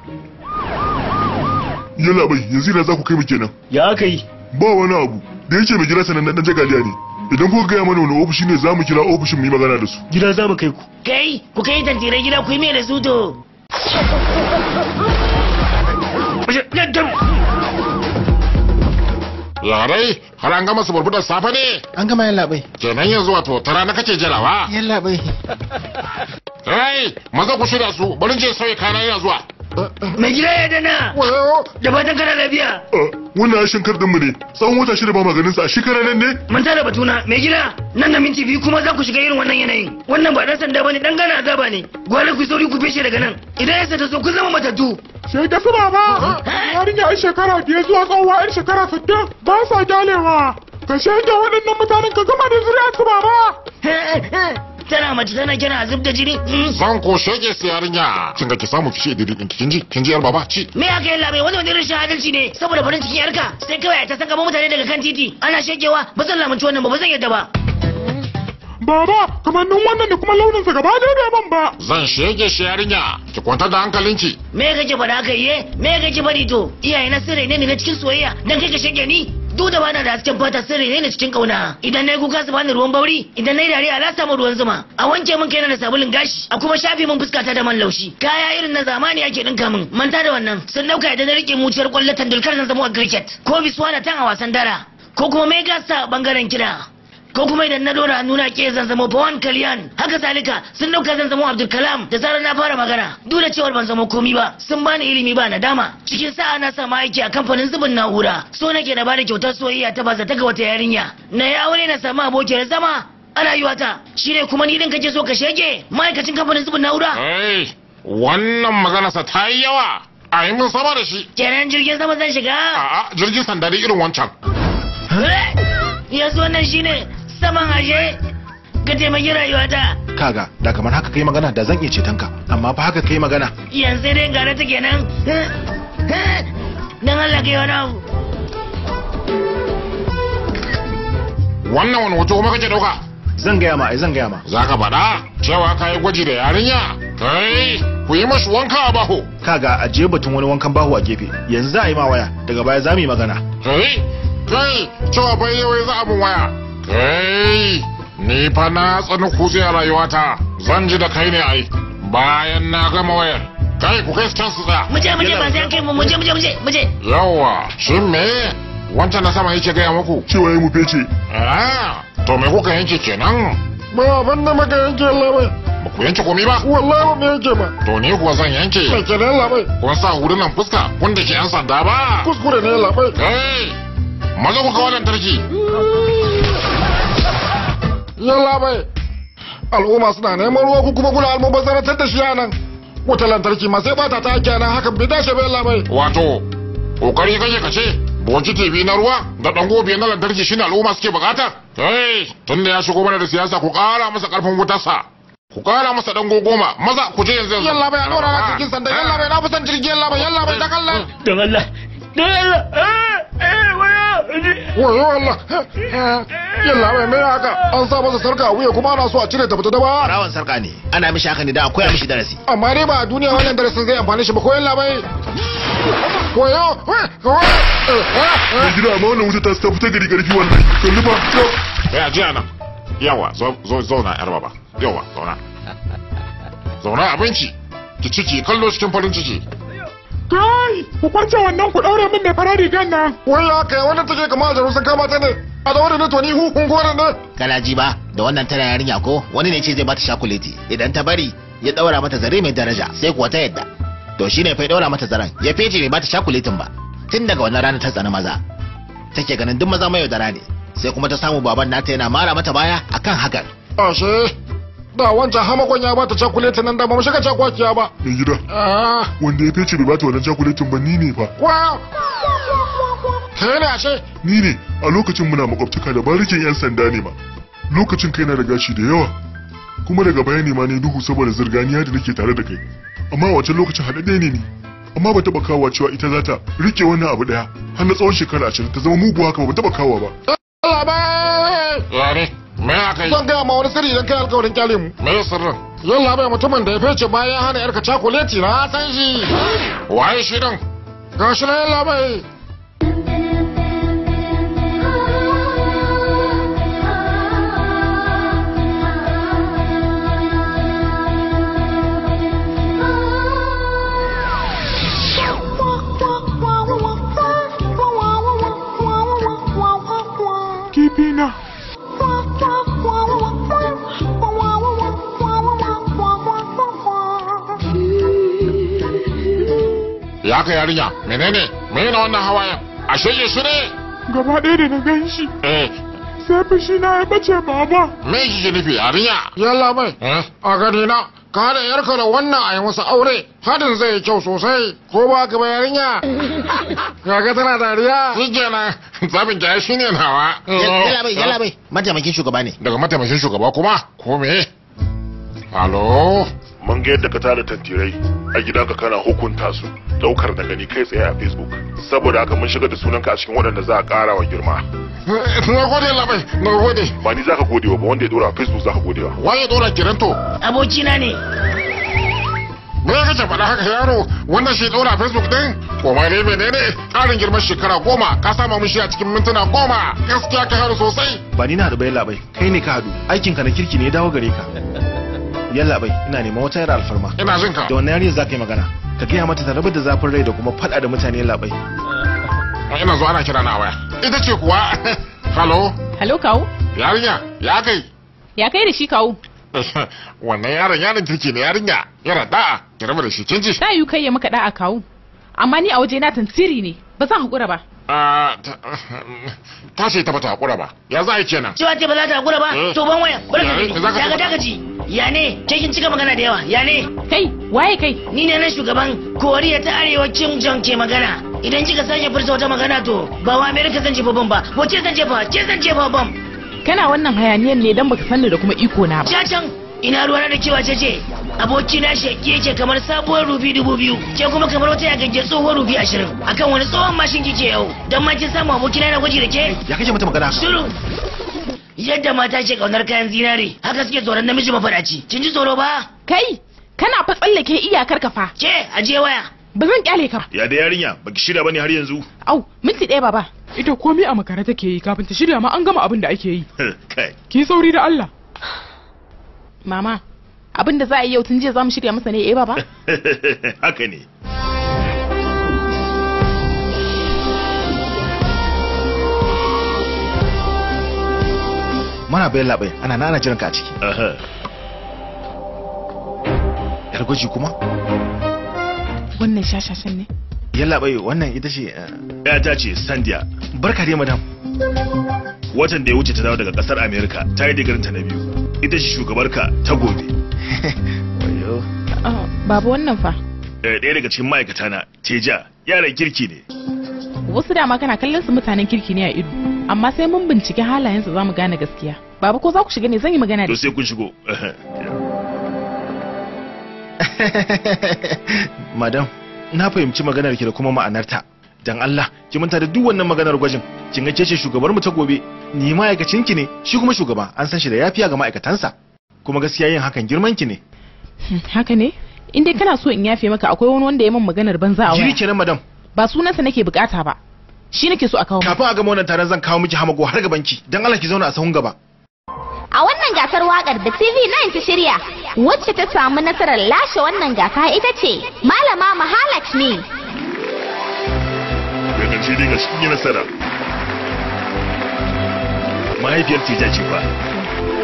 yalla bai yanzu ina za ku kai mu kenan ya kai. ba wani abu da yake mai gida sanan dan jagaliya ne idan kuka gaya mana wani ofishi ne za mu kira ofishin mu yi magana da su gida za mu kai ku kai ku kai tantirai gida ku yi mai da su to larai har an gama su burbuɗar safe ne an gama yan labai kenan yanzu wato tara na kace jarawa yan labai rai maza ku shirya su barin je sauya kana yana zuwa mai gida ya dana da fatan kana lafiya eh, wannan ashin kar mu ne tsawon wata shida ba maganin sa shekara nan ne manta da batuna mai gida nan na minti biyu kuma za ku shiga irin wannan yanayin wannan ba ɗan sanda bane ɗan gana azaba ne gwara ku sauri ku feshe daga nan idan ya sata so ku zama matattu sai tafi baba eh? yarinya ai shekara biyar zuwa tsawowa yar shekara sittin ba sa gyalewa ka shaida waɗannan mutanen ka gama da zuriya su baba eh, tana mace tana kina zub da jini ban hmm. ko shege su yarinya kin ga ki samu ki shege din kin ji kin ji yar baba ci me ya kai labe wani wani rashin adalci ne saboda farin cikin yarka sai kawai ta saka mutane daga kan titi ana shegewa ba zan lamunci wannan ba ba zan yadda ba Baba, kamannin wannan da kuma launinsa gaba da ya ban ba. Zan shege shi yarinya, ki kwanta da hankalinki. Me kake faɗa kai ye? Me kake bari to? Iyaye na sirri ne ne na cikin soyayya, dan kai ka shege ni? duk da bana da hasken fata sirri ne cikin kauna idan nayi kuka su bani ruwan bauri idan nayi dariya ala samu ruwan zuma a wanke min kaina da sabulin gashi a kuma shafi min fuskata da man laushi kaya irin na zamani ake dinka min manta da wannan sun dauka idan na rike muciyar kwallon tandulkar zan zama a cricket ko biswana tan a wasan dara ko kuma mega star bangaren kida ko kuma idan na dora nuna ke zan zamo Pawan Kalyan haka zalika sun dauka zan zamo Abdul Kalam da zarar na fara magana duk da cewar ban zamo komi ba sun bani ilimi ba nadama cikin sa'a na sa aiki a kamfanin zubin na'ura so nake da bada kyautar soyayya ta baza ta ga wata yarinya na ya aure na samu abokiyar zama a rayuwata shine kuma ni din kake so ka shege ma'aikacin kamfanin zubin na'ura wannan maganarsa ta yi yawa a yi min sama da shi kenan jirgin sama zan shiga a'a jirgin sanda irin wancan eh, yanzu wannan shine saman ashe ka taimaki rayuwata kaga da kamar haka kai magana da zan iya ceton ka amma fa haka kai magana yanzu dai gare ta kenan dan Allah kai wani abu wannan wani hoto kuma kake dauka zan gaya ma zan gaya ma za ka faɗa cewa ka yi gwaji da yarinya kai ku yi mashi wanka a baho kaga je batun wani wankan baho a gefe yanzu za a yi ma waya daga baya za mu yi magana kai kai cewa bai yawai za a mun waya Hey, ni fa na tsani kutse a rayuwata, zan ji da kai ne ai, bayan na gama wayar. Kai ku kai can su tsaya. Muje muje ba sai kai mu muje muje muje muje. Yawwa, shin me? Wancan na sama yake gaya muku. Cewa ya mu fece. Ah, to me kuka yanke kenan? Ba ban da maka yanke labai. Ba ku yanke komai ba? Wallahi ba mu yanke ba. To ne kuwa zan yanke. Me kenan labai? Kun sa nan fuska kun da ke yan sanda ba. Kuskure ne labai. Kai, maza ku ga wannan tarki. Mm. yalla bai al'umma suna neman ruwa ku kuma kuna almubazzarantar da shi a nan wutar lantarki ma sai bata ta ake nan hakan bai dace bai labai wato kokari kake ka ce bokiti biyu na ruwa da dan gobe na lantarki shine al'umma suke bukata hey tunda ya shigo mana da siyasa ku kara masa karfin wutarsa ku kara masa dango goma maza ku je yanzu yalla bai a dora cikin sanda ah. yalla bai na fusan jirgi yalla bai yalla bai da eh, dan eh. Allah wayo Allah yin labai mai haka an sa masa sarka wuya kuma ana so a cire ta fita ba rawan sarka ne ana mishi haka ne da akwai mishi darasi amma dai ba a duniya wannan darasin zai amfani shi ba ko yin labai wayo mai gida amma wannan wuta ta fita gari garfi wannan kalli ba ya eh, ji ana yawa zauna yar baba yawa zauna zauna abinci ki ciki kallo cikin farin ciki Kai, ku kwarce wannan ku ɗaure min mai farar rigar nan. Wai ya kai wannan take kama da rusun kama ta ne. A da wani to ni kun gore ne. Kana ji ba da wannan tana yarinya ko wani ne ce zai bata shakuleti idan ta bari ya ɗaura mata zare mai daraja sai kuwa ta yadda. To shine fa ya ɗaura mata zaren ya fece bai bata shakuletin ba. Tun daga wannan rana ta tsani maza. Take ganin duk maza mai yaudara ne. Sai kuma ta samu baban nata yana mara mata baya akan hakan. Ashe. da wancan hamakon ya bata cakuleti nan da ba mu shiga cakwakiya ba mai gida ah. wanda ya fece bai bata wannan cakuletin ba ni ne fa kwa kai ne ashe ni ne a lokacin muna makwabtaka da barikin yan sanda ne ma lokacin kai na da gashi da yawa kuma daga baya ne ma ne duhu saboda zirganiya da nake tare da kai amma wancan lokacin haɗaɗɗe ne ni amma ba taɓa kawo cewa ita za ta rike wannan abu ɗaya har na tsawon shekara ashirin ta zama muguwa haka ba taɓa kawo ba. Allah ba! Yare. me aka yi zan gaya ma wani sirri idan kai alkawarin kyale mu me sirrin yalla bai mutumin da ya fece bayan hana yarka cakuleti na san shi waye shi din ga shi na yalla bai Keeping up. ya ka yarinya menene menene wannan hawayen a shirye su ne gaba ɗaya da na gan shi eh sai fushi na ya bace baba me shi ke nufi yarinya yalla mai eh? a gani na ka haɗa yarka da wannan a yi masa aure hadin zai kyau sosai ko ba ka ba yarinya ga tana dariya shi na zabin ki shi ne nawa yalla bai yalla bai mataimakin shugaba ne daga mataimakin shugaba kuma ko me halo mun ga yadda ka tada tantirai a gidanka kana hukunta su daukar da gani kai tsaye a facebook saboda haka mun shiga da sunanka a cikin waɗanda za a ƙara wa girma na gode labai na gode ba ni zaka gode ba wanda ya dora a facebook zaka gode wa waye dora kiran to abokina ne me ya kace faɗa haka yaro wannan shi dora a facebook din komai dai ne ƙarin girman shekara goma ka sama mun shi a cikin mintuna goma gaskiya ka haru sosai ba ni na da bai labai kai ne ka hadu aikinka na kirki ne ya dawo gare ka yalla bai ina neman wata yar alfarma ina jin ka da wannan yarinya zaka yi magana ka gaya mata ta rabu da zafin rai da kuma faɗa da mutane yalla bai eh, ina zo ana kira na waya ita ce kuwa halo halo kawo yarinya ya kai ya kai da shi kawo wannan yaron yaron kirki ne yarinya yana da'a ki rabu da shi kin ji ta yi kai ya maka da'a kawo amma ni a waje na tantiri ne ba zan hakura ah, ba. ta ce ta bata hakura ba ya za a yi kenan. cewa ce ba za ta hakura ba eh. to ban waya bari ka tafi daga dagaji ya ne ke kin cika magana da yawa ya ne. kai waye kai. ni ne na shugaban koriya ta arewa kim jong ke magana idan kika sake furta wata magana to ba wa amerika zan jefa bom ba ko ce zan jefa ce zan jefa bom. kana wannan hayaniyan ne dan baka sanni da kuma iko na ba. cacan ina na da cewa ce ce aboki na sheki yake kamar sabuwar rufi dubu biyu ke kuma kamar wata ya gajiyar tsohuwar rufi ashirin akan wani tsohon mashin kike yau don ma kin samu aboki na gwaji da ke ya kashe mata magana shiru yadda mata ce kaunar kayan zinare haka suke tsoron namiji mafaɗaci. kin ji tsoro ba kai kana fa tsallake iyakar ka fa ke aje waya ba zan kyale ka ya da yarinya baki shirya bane har yanzu au minti ɗaya baba ita komai a makara take yi kafin ta shirya ma an gama abin da ake yi kai ki sauri da Allah mama abin da za a yi yau tun jiya za mu shirya masa ne eh baba haka ne mana bayan labai ana nana jiran ka a ciki yar gwaji kuma wannan shashashan ne yalla bai wannan ita ce eh, ya ta ce sandiya barka dai madam watan da ya wuce ta dawo daga kasar america ta yi digirinta na biyu ita ce shugabarka ta gobe oh, babu wannan fa eh, ɗaya daga cikin ma'aikata na teja yaran kirki ne wasu dama kana kallon su mutanen kirki ne a ido amma sai mun bincike halayensu za mu gane gaskiya baba ko za ku shiga ne zan yi magana da sai kun shigo madam na fahimci maganar ki da kuma ma'anarta dan Allah ki manta da duk wannan maganar gwajin kin ga ce shugabar mu ta gobe ni ma'aikacin ki ne shi kuma shugaba an san shi da yafiya ga ma'aikatansa kuma gaskiya yin hakan girman ki ne hmm, haka ne in dai kana so in yafe maka akwai wani wanda ya min maganar banza a waya jiri kenan madam ba sunansa nake bukata ba shi nake so a kawo kafin a gama wannan taron zan kawo miki hamago har gaban ki dan Allah ki zauna a sahun gaba a wannan gasar wakar da TV9 ta shirya wacce ta samu nasarar lashe wannan gasa ita ce malama Mahalakshmi ƙarshe dai ga shi nasara mahaifiyar ce ce ba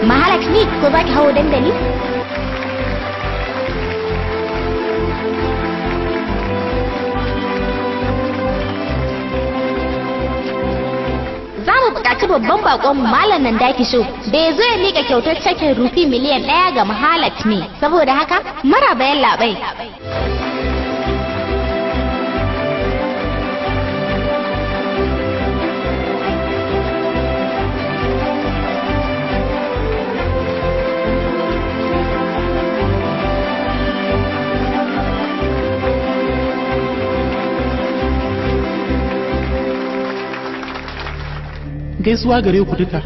mahalak ne ko za ki hawo dandali buƙaci babban bakon malam nan daki so bai zo ya mika kyautar cakin rufi miliyan ɗaya ga mahalat ne saboda haka mara bayan labai gaisuwa gare ku duka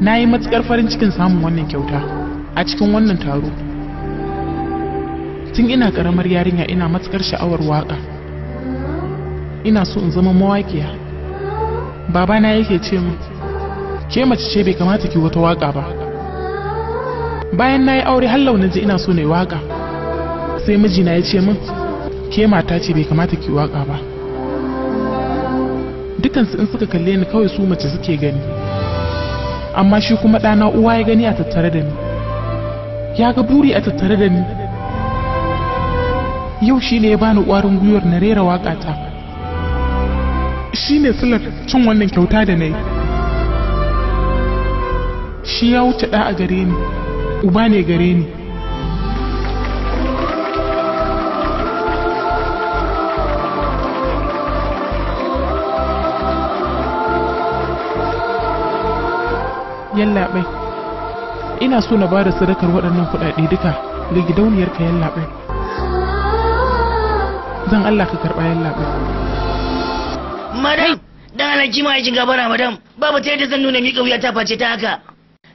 na yi matukar farin cikin samun wannan kyauta a cikin wannan taro tun ina karamar yarinya ina matukar sha'awar waka ina so in zama mawaƙiya babana yake ce min ke mace ce bai kamata ki wata waka ba bayan na yi aure har launin ji ina so na yi waka sai mijina ya ce min ke mata ce bai kamata ki waka ba halittansu in suka kalle ni kawai su mace suke gani amma shi kuma ɗana uwa ya gani a tattare da ni ya ga buri a tattare da ni yau shi ne ya bani ƙwarin gwiwar na rera waƙata shi ne silar cin wannan kyauta da na shi ya wuce ɗa a gare ni uba ne gare ni ina so na bada sadakar waɗannan kuɗaɗe duka ga gidauniyar ka yallaɓe zan Allah ka karɓa yallaɓe madam dan alhaji ma yajin gabara madam babu ta yadda zan nuna miƙa wuya ta face ta haka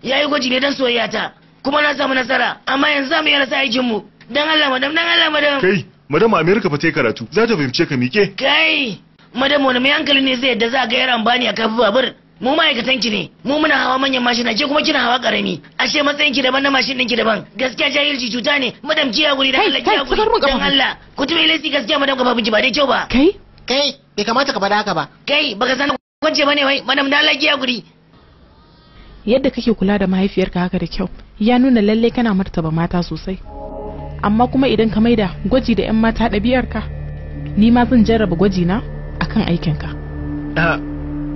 yayi gwaji ne dan soyayya ta kuma na samu nasara amma yanzu za mu yi rasa aikin mu dan Allah madam dan Allah madam kai madam America fa tai karatu za ta fahimce ka miƙe kai madam wani mai hankali ne zai yadda za ga yaran bani a kafin babur mu ma'aikatan ki ne mu muna hawa manyan mashina ke kuma kina hawa karami ashe matsayin ki daban na mashin ɗin ki daban gaskiya jahilci cuta ne madam ki ya guri da Allah ki ya guri dan Allah ku tube laifi gaskiya madam ka babin ba dai kyau ba kai kai bai kamata ka faɗa haka ba kai baka san kwance bane wai madam da Allah ki ya guri yadda kake kula da mahaifiyarka haka da kyau ya nuna lalle kana martaba mata sosai amma kuma idan ka maida gwaji da 'yan mata ɗabi'arka ni ma zan jarraba gwaji na akan aikinka ah,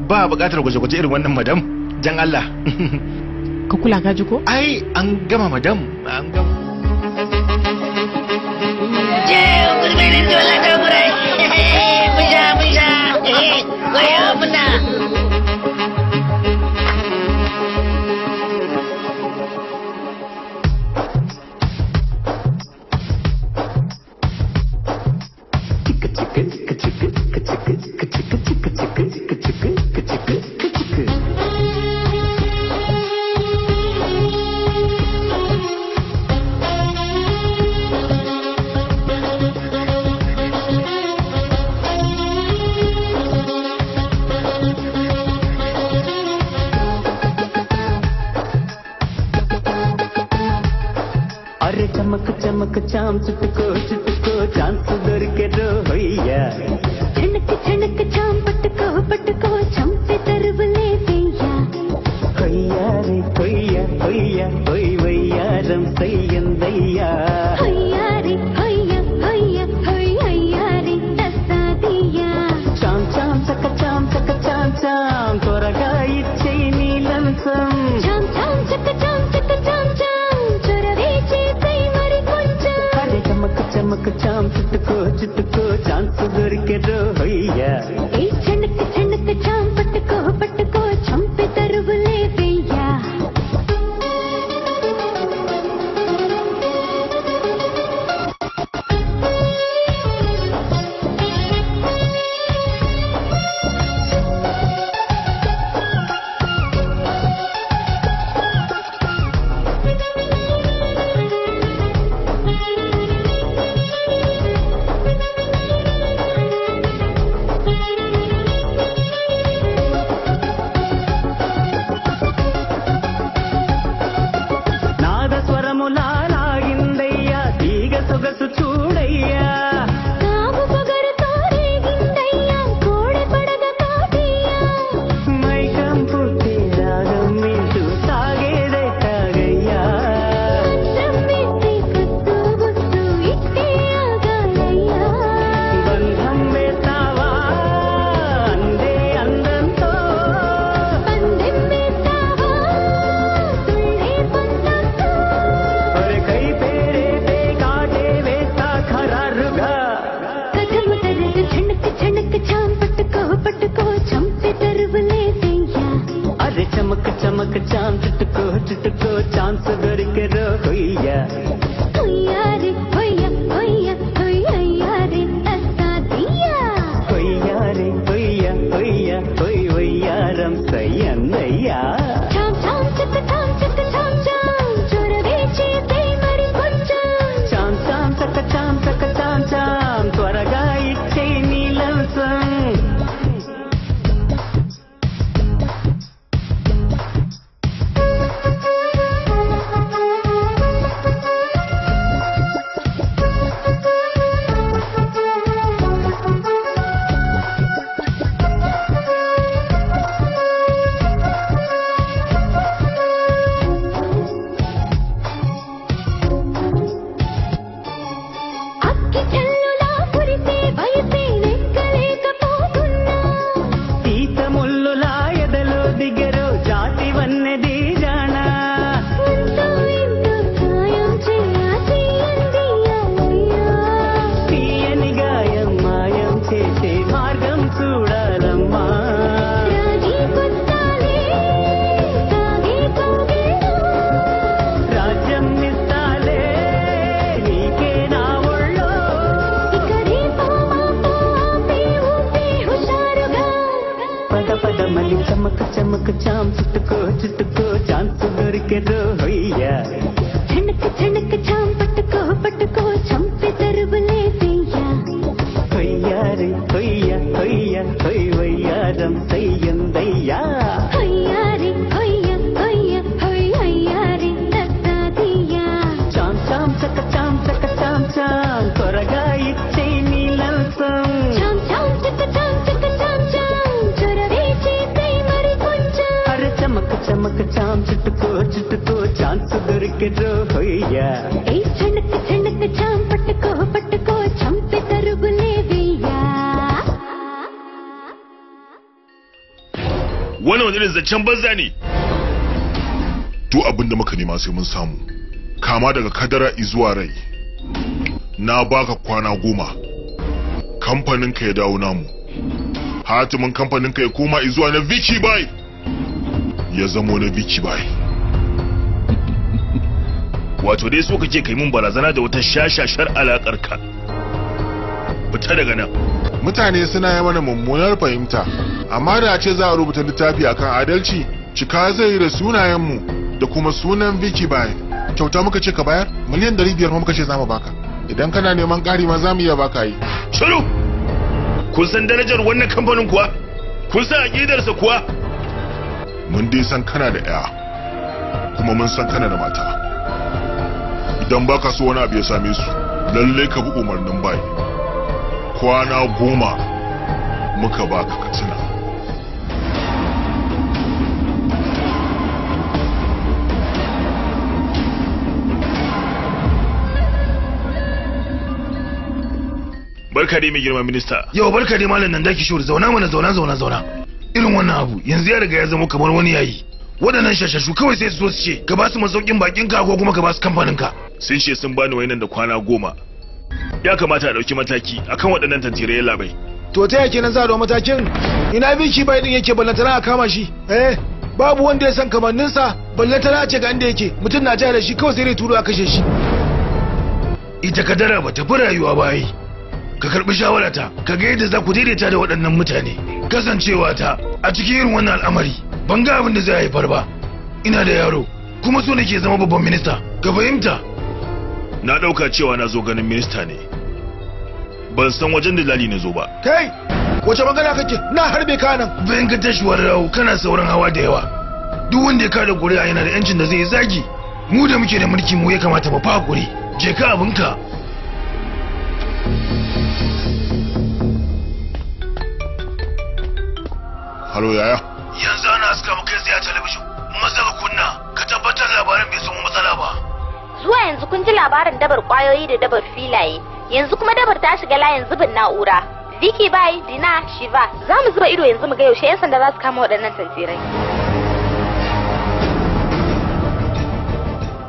ba bukatar gwaje-gwaje irin wannan madam jan Allah ka kula kaji ko ai an gama madam an gama je ku ne da dole da mura eh mu ja mu ja eh goya muna चमक चाम चुटको चुटको चांद सुधर के रो तो होइया छनक छनक चाम पटको पटको चम पे तरब भैया होइया रे होइया होइया होई वैया रम सैया चाम तुको जितको चांद सुधर के रो होइया zancen banza ne duk abin da muka nema sai mun samu kama daga kadara zuwa rai na baka kwana goma kamfanin ka ya dawo namu hatimin kamfanin ka ya koma zuwa na vichy Bai ya zamo na vichy Bai wato dai so kake kai mun barazana da wata shashashar alakar ka fita daga nan mutane suna yi mana mummunar fahimta amma da ce za a rubuta littafi akan adalci cika zai da sunayenmu da kuma sunan viki baya kyauta muka ce ka bayar miliyan 500 muka ce za mu baka idan kana neman ƙari ma za mu iya baka yi shiru kun san darajar wannan kamfanin kuwa kun san aƙidarsa kuwa mun dai san kana da ɗaya kuma mun san kana da mata idan baka so wani abu ya same su lalle ka bi umarnin bayi kwana goma muka baka ka tuna barka dai mai girma minista yau barka dai malam nan daki shur zauna mana zauna zauna zauna irin wannan abu yanzu ya riga ya zama kamar wani yayi waɗannan shashashu kawai sai su zo su ce ka ba su masaukin bakin ka ko kuma ka ba su kamfanin ka sun ce sun bani wayannan da kwana goma ya kamata a ɗauki mataki akan waɗannan tantirai labai to ta yake nan za a matakin ina biki bai din yake ballantana a kama shi eh babu wanda ya san kamanninsa ballantana a ce ga inda yake mutum na jihar da shi kawai sai dai turo a kashe shi ita kadara ba ta fi rayuwa ba yi ka karbi ta ka ga yadda za ku daidaita da waɗannan mutane kasancewa ta a cikin irin wannan al'amari ban ga abin da zai haifar ba ina da yaro kuma so nake zama babban minista ka fahimta na ɗauka cewa na zo ganin minista ne ban san wajen da lali na zo ba kai wace magana kake na harbe ka nan bayan ka tashi warau kana sauran hawa da yawa duk wanda ya kada kuri'a yana da yancin da zai zagi mu da muke da mulki mu ya kamata mu fa hakuri je ka abinka thank you Halo yaya? Yanzu ana aska mu kai a talabijin. Maza ka kunna, ka tabbatar labarin bai samu matsala ba. Zuwa yanzu kun ji labarin dabar kwayoyi da dabar filaye. Yanzu kuma dabar ta shiga layin zubin na'ura. Ziki bai, Dina, Shiva, za mu zuba ido yanzu mu ga yaushe 'yan sanda za su kama waɗannan tantirai.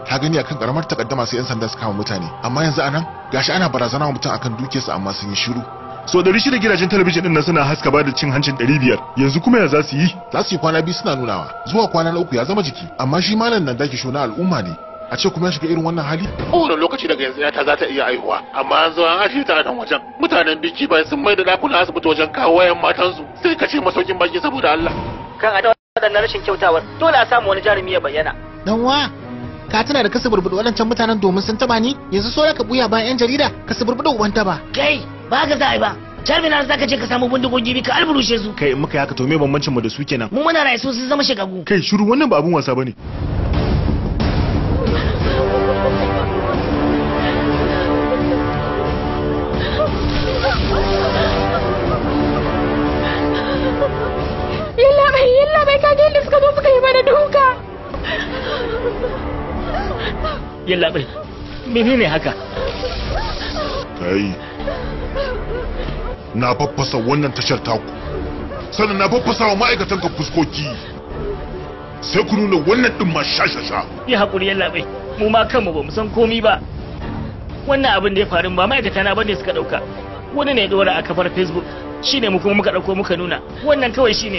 Ta gani akan karamar takaddama sai yan sanda suka kama mutane amma yanzu anan gashi ana barazana wa mutum akan dukiyarsa amma sun yi shiru so da da gidajen talabijin din nan suna haska ba da cin hancin 500 yanzu kuma ya za su yi za su yi kwana biyu suna nunawa zuwa kwana na uku ya zama jiki amma shi malam nan dake shona al'umma ne a ce kuma ya shiga irin wannan hali kowane lokaci daga yanzu ta za ta iya aihuwa amma an zo an ajiye ta nan wajen mutanen biki bai sun mai da dakuna asibiti wajen kawo wayan matansu sai ka ce masaukin baki saboda Allah kan a da rashin kyautawar dole a samu wani jarumi ya bayyana dan wa ka tana da kasu burbudu wadancan mutanen domin sun taba ni yanzu so ka buya bayan yan jarida kasu burbudu uban ba. kai ba ka za ba jami'an za zaka je ka samu bindigogi bi ka alburushe su kai in muka haka to me bambancin mu da su kenan mu muna rayuwa sun zama shagagu kai shiru wannan ba abun wasa bane Yalla bai, yalla bai kaje da suka zo suka yi mana duka. yalla bai menene haka kai na faffasa wannan tashar taku sannan na faffasa wa ma'aikatan ka fuskoki sai ku nuna wannan din ma shashasha Yi hakuri yalla bai mu ma kanmu ba mu san komi ba wannan abin da ya faru ba ma'aikata na bane suka dauka wani ne ya dora a kafar facebook shine mu kuma muka dauko muka nuna wannan kawai shine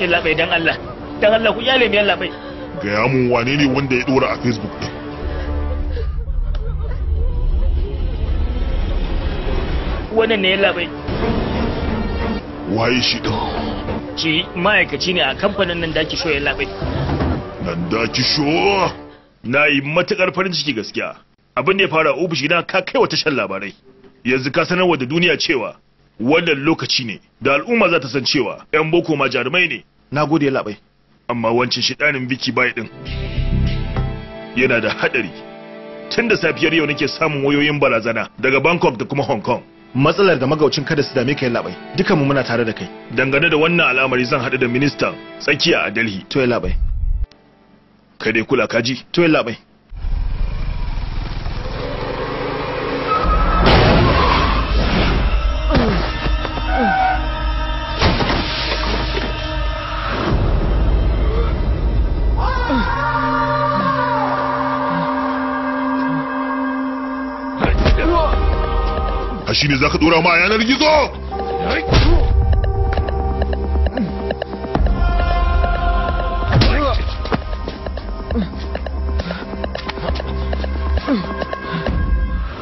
yalla bai dan Allah dan Allah ku yale mu yalla bai gaya mun wane ne wanda ya dora a facebook din wannan ne ya labai waye shi din shi ma'aikaci ne a kamfanin nan daki show ya labai nan daki show na yi matukar farin ciki gaskiya abin da ya fara ofishi na ka kai wa tashar labarai yanzu ka sanarwa da duniya cewa wannan lokaci ne da al'umma za ta san cewa 'yan boko ma jarumai ne na gode labai amma wancan shidanin biki bai din yana da hadari tun da safiyar yau nake samun wayoyin barazana daga Bangkok da kuma Hong Kong matsalar da magaucin kada su dame kai labai dukanmu muna tare da kai dangane da wannan al'amari zan hadu da ministan tsakiya a Delhi to ya labai ka dai kula kaji to ya labai shine zaka dora ma yanar gizo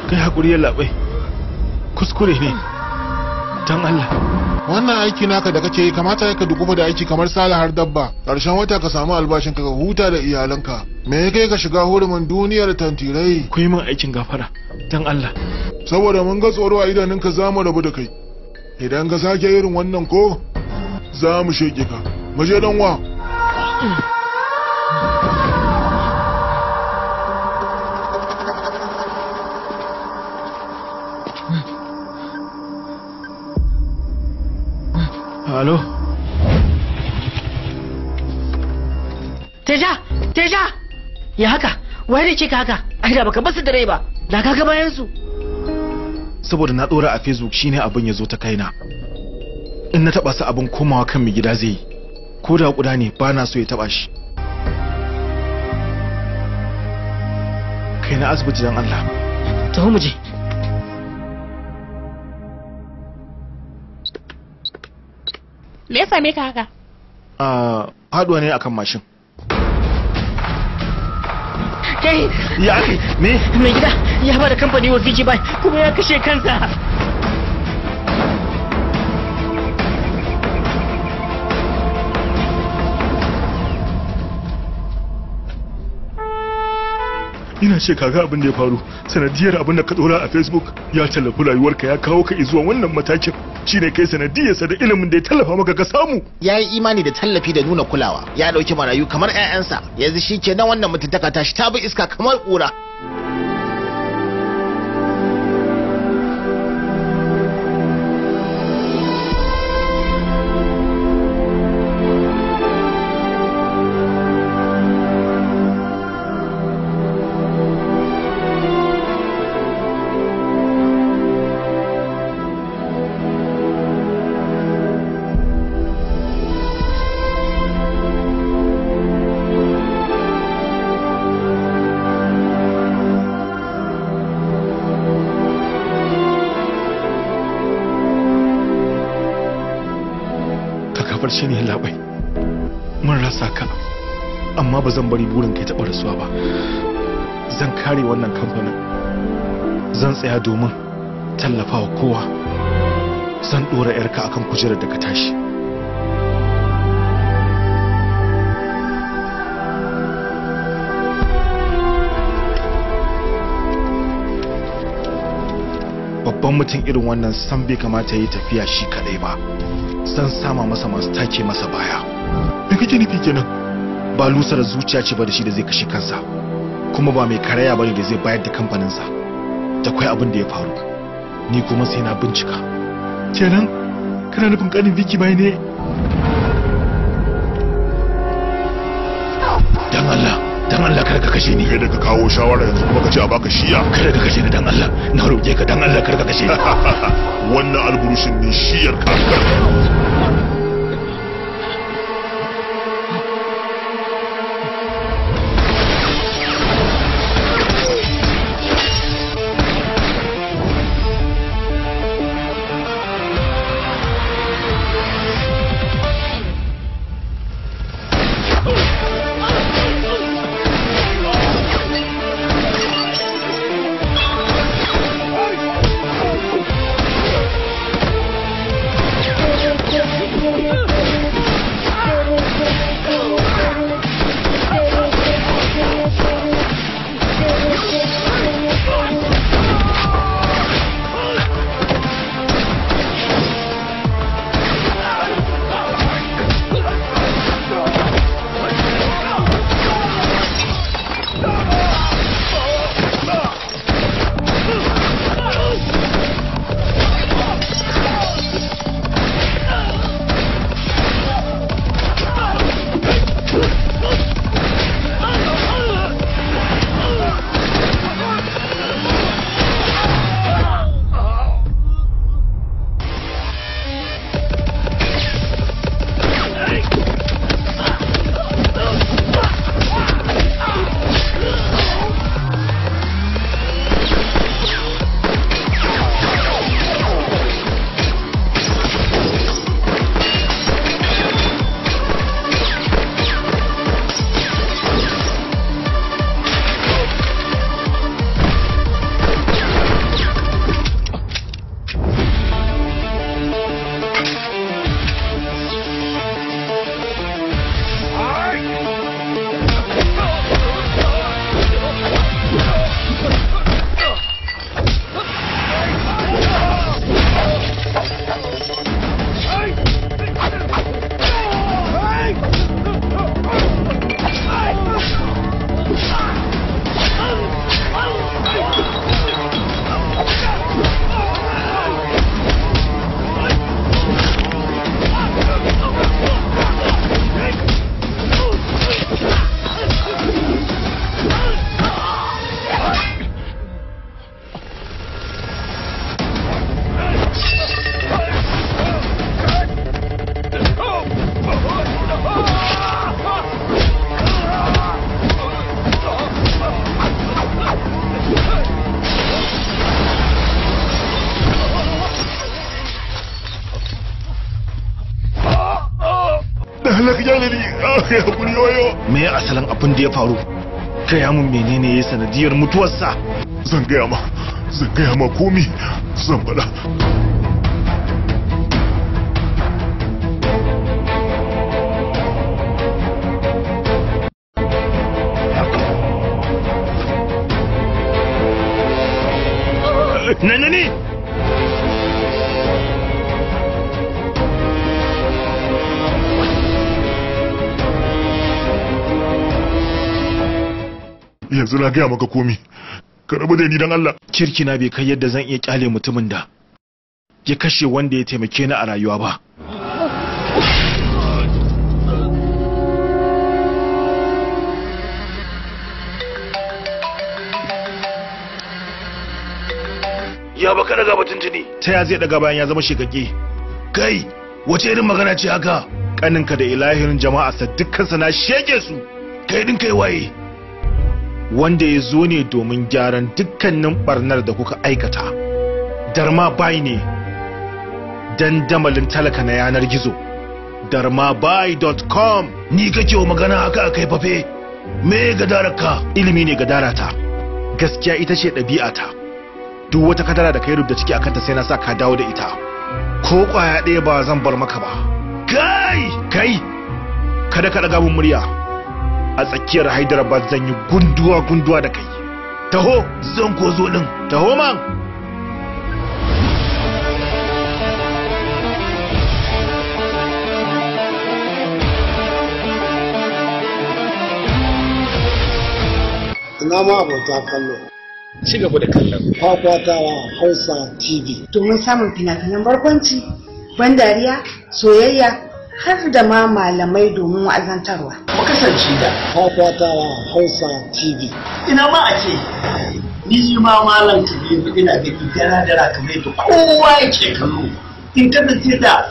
kai hakuri ya labai kuskure ne don Allah wannan aiki naka da kake kamata ya ka dukuma da aiki kamar sala har dabba ƙarshen wata ka samu albashin ka huta da iyalanka me ya kai ka shiga hurumin duniyar tantirai ku yi min aikin gafara don Allah saboda mun ga tsoro a idanunka za mu rabu da kai idan ka sake irin wannan ko za mu shege ka maje dan wa Alo? Teja! Teja! Ya haka, wai da ke ka haka? Ai da baka basu dare ba, da ka ga bayan su. saboda na dora a facebook shine abin ya zo ta kaina in na taba su abin komawa kan mai gida zai yi ko da kuda ne bana so ya taba shi kai na asibiti dan Allah to mu je me yasa me ka haka a ah, haduwa ne akan mashin kai ya kai me mai gida ya bada kamfani wa Fiji Bank kuma ya kashe kansa ina ce kaga abin da ya faru sanadiyar abin da ka dora a facebook ya tallafi rayuwarka ya kawo ka zuwa wannan matakin shi ne kai sanadiyarsa da ilimin da ya tallafa maka ka samu ya yi imani da tallafi da nuna kulawa ya ɗauki marayu kamar 'ya'yansa yanzu shi ke kenan wannan mutuntaka tashi ta bi iska kamar kura. zan bari burin kai taɓa rasuwa ba zan kare wannan kamfanin zan tsaya domin tallafawa kowa zan ɗora 'yarka akan kujerar da ka tashi babban mutum irin wannan san bai kamata ya yi tafiya shi kadai ba san sama masa masu take masa baya nufi kenan ba lusar zuciya ce ba da shi da zai kashe kansa kuma ba mai karaya ba ne da zai bayar da kamfaninsa da kwai abin da ya faru ni kuma sai na bincika kenan kana nufin kanin biki bai ne dan Allah dan Allah kar ka kashe ni kada ka kawo shawara yanzu kuma ka ce a baka shiya Kar ka kashe ni dan Allah na roke ka dan Allah kar ka kashe ni wannan alburushin ne shiyar ka ya faru gaya mun menene ya sanadiyar mutuwarsa zan gaya ma zan gaya ma komi zan faɗa yanzu na gaya maka komi ka rabu da ni dan Allah kirki na bai kai yadda zan iya kyale mutumin da ya kashe wanda ya taimake ni a rayuwa ba ya baka daga batun jini ta ya zai daga bayan ya zama shekake kai wace irin magana ce haka kaninka da ilahirin jama'a sa dukkan sana shege su kai din kai waye wanda ya zo ne domin gyaran dukkanin barnar da kuka aikata darma bai ne dandamalin talaka na yanar gizo darmabai.com ni kake wa magana haka a kai fafe me gadararka ilimi ne gadarata gaskiya ita ce ɗabi'ata duk wata kadara da kai rubda ciki akan ta sai na sa ka dawo da ita ko kwaya ɗaya ba zan bar maka ba kai kai kada ka ɗaga mun murya a tsakiyar Hyderabad zan yi gunduwa gunduwa da kai taho zan ko zo din taho ma. ina ma abota kallo ci gaba da kallon kwakwatawa hausa tv domin samun fina-finan barkwanci ban dariya soyayya har da ma malamai domin wa'azantarwa. Mu kasance da Hausawa Hausa TV. Ina ma ake? ni ma malam biyu ina da dara dara mai yadda kowa yake kallo. In kada zace da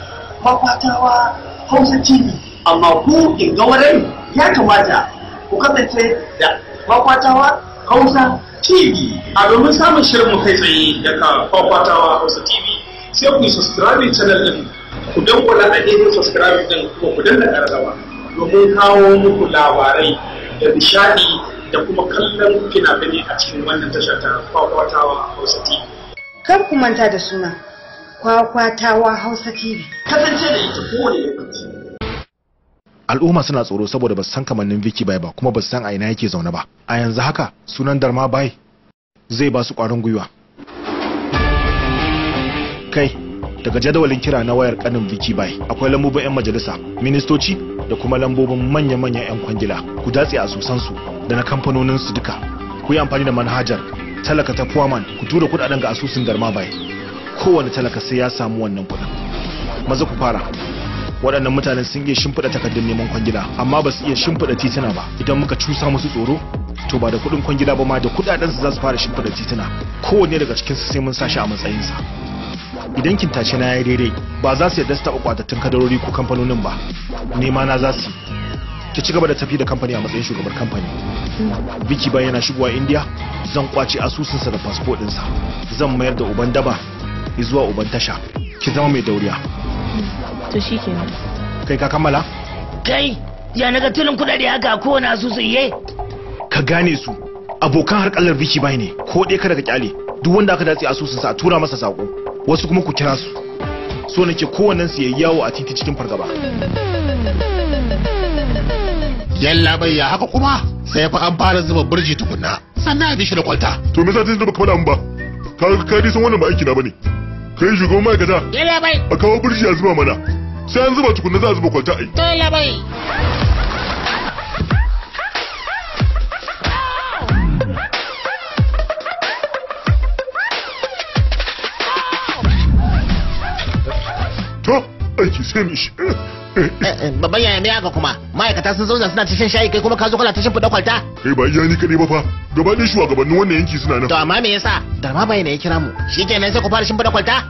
Hausawa Hausa TV amma ku in ga wurin ya kamata ku kasance da Hausawa Hausa TV a domin samun shirin mu kai tsaye daga Hausawa Hausa TV sai ku yi subscribe channel din ku kula a daidai subscribe din kuma ku danna rawa, domin kawo muku labarai da nishadi da kuma kallon fina-finai a cikin wannan tashar ta kwakwatawa hausa tv kar ku manta da suna kwakwatawa hausa tv kasance da ita kowane lokaci al'umma suna tsoro saboda ba su san kamannin Vicky bai ba kuma ba su san a ina yake zaune ba a yanzu haka sunan Darma bai zai ba su ƙwarin gwiwa kai daga jadawalin kira na wayar kanin Vicky Bai akwai lambobin 'yan majalisa ministoci da kuma lambobin manya-manyan 'yan kwangila ku datse a su da na kamfanonin su duka ku yi amfani da manhajar talaka ta puwaman ku tura kudaden ga asusun garma bai kowane talaka sai ya samu wannan kudin maza ku fara waɗannan mutanen sun iya shimfiɗa takardun neman kwangila amma ba su iya shimfiɗa tituna ba idan muka cusa musu tsoro to ba da kuɗin kwangila ba ma da kuɗaɗen su za su fara shimfiɗa tituna kowanne daga cikin su sai mun sa shi a matsayinsa idan kintace na ya daidai ba za su yadda su taba kwatattun kadarori ko kamfanonin ba nema na za su ki ci gaba da tafi da kamfani a matsayin shugabar kamfani biki bayan yana shigowa india zan kwace asusunsa da fasfo ɗinsa zan mayar da uban daba zuwa uban tasha ki zama mai dauriya to shikenan kai ka kammala kai ya naga tulin kudade haka ko na su tsiye ka gane su abokan harkalar biki bai ne ko dai ka daga kyale duk wanda aka datse asusunsa a tura masa sako wasu kuma ku kira su so nake kowannen su yayi yawo a titi cikin fargaba yalla bai ya haka kuma sai fa an fara zuba burji tukunna sannan a bishi da kwalta to me yasa zuba da baka ba ka ka dai san wannan ba aiki na bane kai shugaban ma'aikata yalla bai a kawo burji a zuba mana sai an zuba tukunna za a zuba kwalta ai yalla bai aiki sai shi eh, eh, babban yaya me haka kuma ma'aikata sun zauna suna ta shan shayi kai kuma ka zo kana ta shin kwalta kai eh, ba iya ni kadai ba fa gaba ɗaya shugabannin wannan yanki suna nan to amma me yasa ma bai na ya kira mu shikenan sai ku fara shin kwalta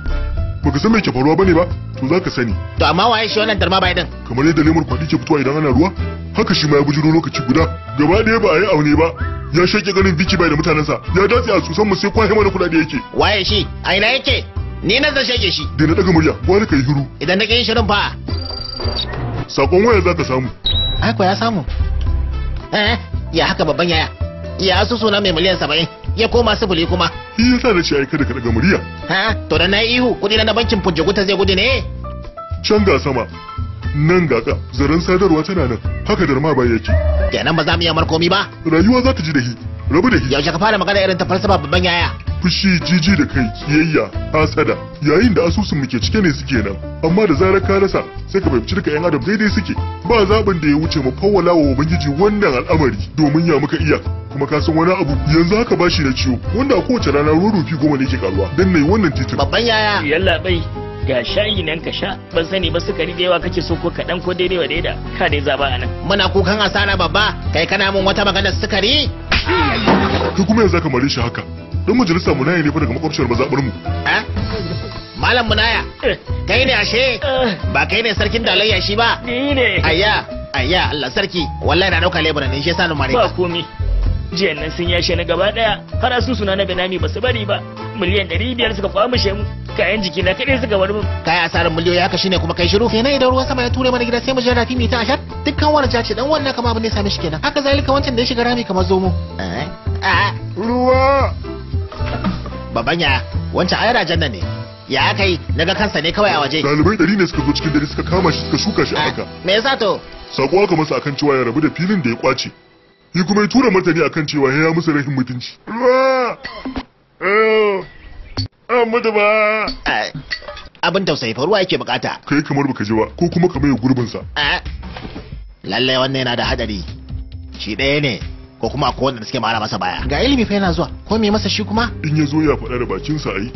baka san me ke faruwa bane ba to zaka sani to amma waye shi wannan darma bai din kamar yadda lemur kwadi ke fitowa idan ana ruwa haka shi ma ya bujuro lokaci guda gaba ɗaya ba a yi aune ba ya shake ganin biki bai da mutanensa ya dace a susan mu sai kwahe mana kuɗaɗe yake waye shi a ina yake ni na zan shake shi da na daga murya gwani ka yi huru. idan na yin shirin fa sakon waya za ka samu ko ya samu eh, eh ya haka babban yaya ya asusu na mai miliyan saba'in ya koma sifili kuma shi yasa na ce aika daga murya ha to da na yi ihu kudi na bankin fujjaguta zai gudu ne can ga sama nan ga ka zaren sadarwa tana nan haka darma ba yake kenan ba za mu yi amar komi ba rayuwa za ta ji da hi rabu da hi yaushe ka fara magana irin ta falsafa babban yaya fushi jiji da kai kiyayya hasada yayin da asusun muke cike ne suke nan amma da zarar ka rasa sai ka fahimci duka yan adam daidai suke ba zaɓin da ya wuce mu fawwala wa ubangiji wannan al'amari domin ya muka iya kuma ka san wani abu yanzu haka bashi na ciwo wanda kowace rana ruwan rufi goma ne ke karuwa dan yi wannan titin babban yaya yalla bai ga shayi nan ka sha ban sani ba sukari da yawa kake so ko kaɗan ko daidai wa daida ka dai zaba anan muna kukan asara babba kai kana mun wata maganar sukari Kai kuma yanzu ka mare shi haka Don majalisa mu ne fa daga makwabciyar mazaɓar mu malam munaya kai ne ashe ba kai ne sarkin dalayya shi ba ni ne ayya ayya Allah sarki wallahi na dauka lebura ne shi ya sanu mare ba komi jiyan nan sun yashe na gaba daya har asun suna na benami ba su bari ba miliyan ɗari biyar suka kwamushe mu kayan jiki na kaɗai suka bar mu. kai asarar miliyoyi haka ne kuma kai shiru kenan idan ruwan sama ya ture mana gida sai mu je rafi mu ta ashar dukkan wani jace dan wannan kama abin da ya same shi kenan haka zalika wancan da ya shiga rami kamar zomo eh, eh, eh. ruwa Babanya, wancan ai rajan ne ya kai naga kansa ne kawai a waje dalibai ɗari ne suka zo cikin dare suka kama shi suka shuka shi a ah, haka me yasa to sako aka masa akan cewa ya rabu da filin da ya kwace yi kuma ya tura martani akan cewa ya musu rahin mutunci an ba abin tausayi faruwa yake bukata kai kamar baka ji ba ko kuma ka mai gurbinsa ah, lallai wannan yana da hadari shi ɗaya ne ko kuma akwai wanda suke mara masa baya ga ilimi fa yana zuwa ko me masa shi kuma in ya zo ya faɗa da bakin sa ai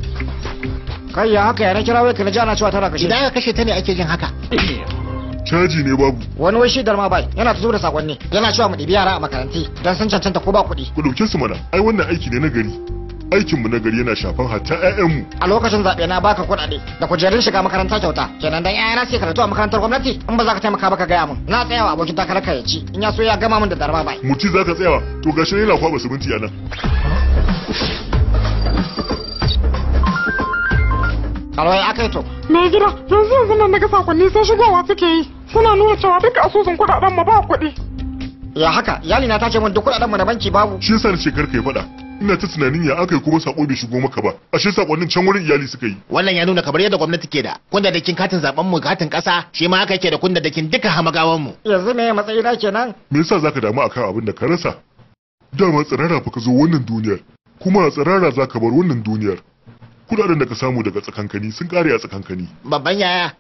kai ya haka ya kira wai ka na ji ana cewa tana kashe idan ka kashe ta ne ake jin haka caji ne babu wani wai shidar ma bai yana tuzo da sakonni yana cewa mu ɗibi yara a makaranti don sun cancanta ko ba kuɗi ku ɗauke su mana ai wannan aiki ne na gari aikinmu na gari yana shafan hatta 'ya'yanmu a lokacin zaɓe na baka kuɗaɗe da kujerun shiga makaranta kyauta kenan dan ƴaƴana sai karatu a makarantar gwamnati in ba za ka taimaka ba ka gaya min na tsayawa abokin takarar ka ya ci in ya so ya gama min da darma bai muti za ka tsayawa to gashi yana kwaba siminti a nan alwai aka yi to Me gida yanzu yanzu nan na ga sakonni sai shigowa suke yi suna nuna cewa duk asusun kuɗaɗen mu ba kuɗi ya haka yalina ta ce min duk kuɗaɗen mu na banki babu shi yasa ne ce karka yi faɗa ina ta tunanin ya aka yi kuma sako bai shigo maka ba ashe sakonnin can wurin iyali suka yi wannan ya nuna kamar yadda gwamnati ke da kunda dakin katin zaben mu katin kasa shi ma haka yake da kunda dakin duka hamagawan mu yanzu me matsayi na kenan me yasa zaka damu akan abin da ka rasa dama tsirara fa ka zo wannan duniyar kuma tsirara zaka bar wannan duniyar kudaden da ka samu daga tsakankani sun kare a tsakankani babban yaya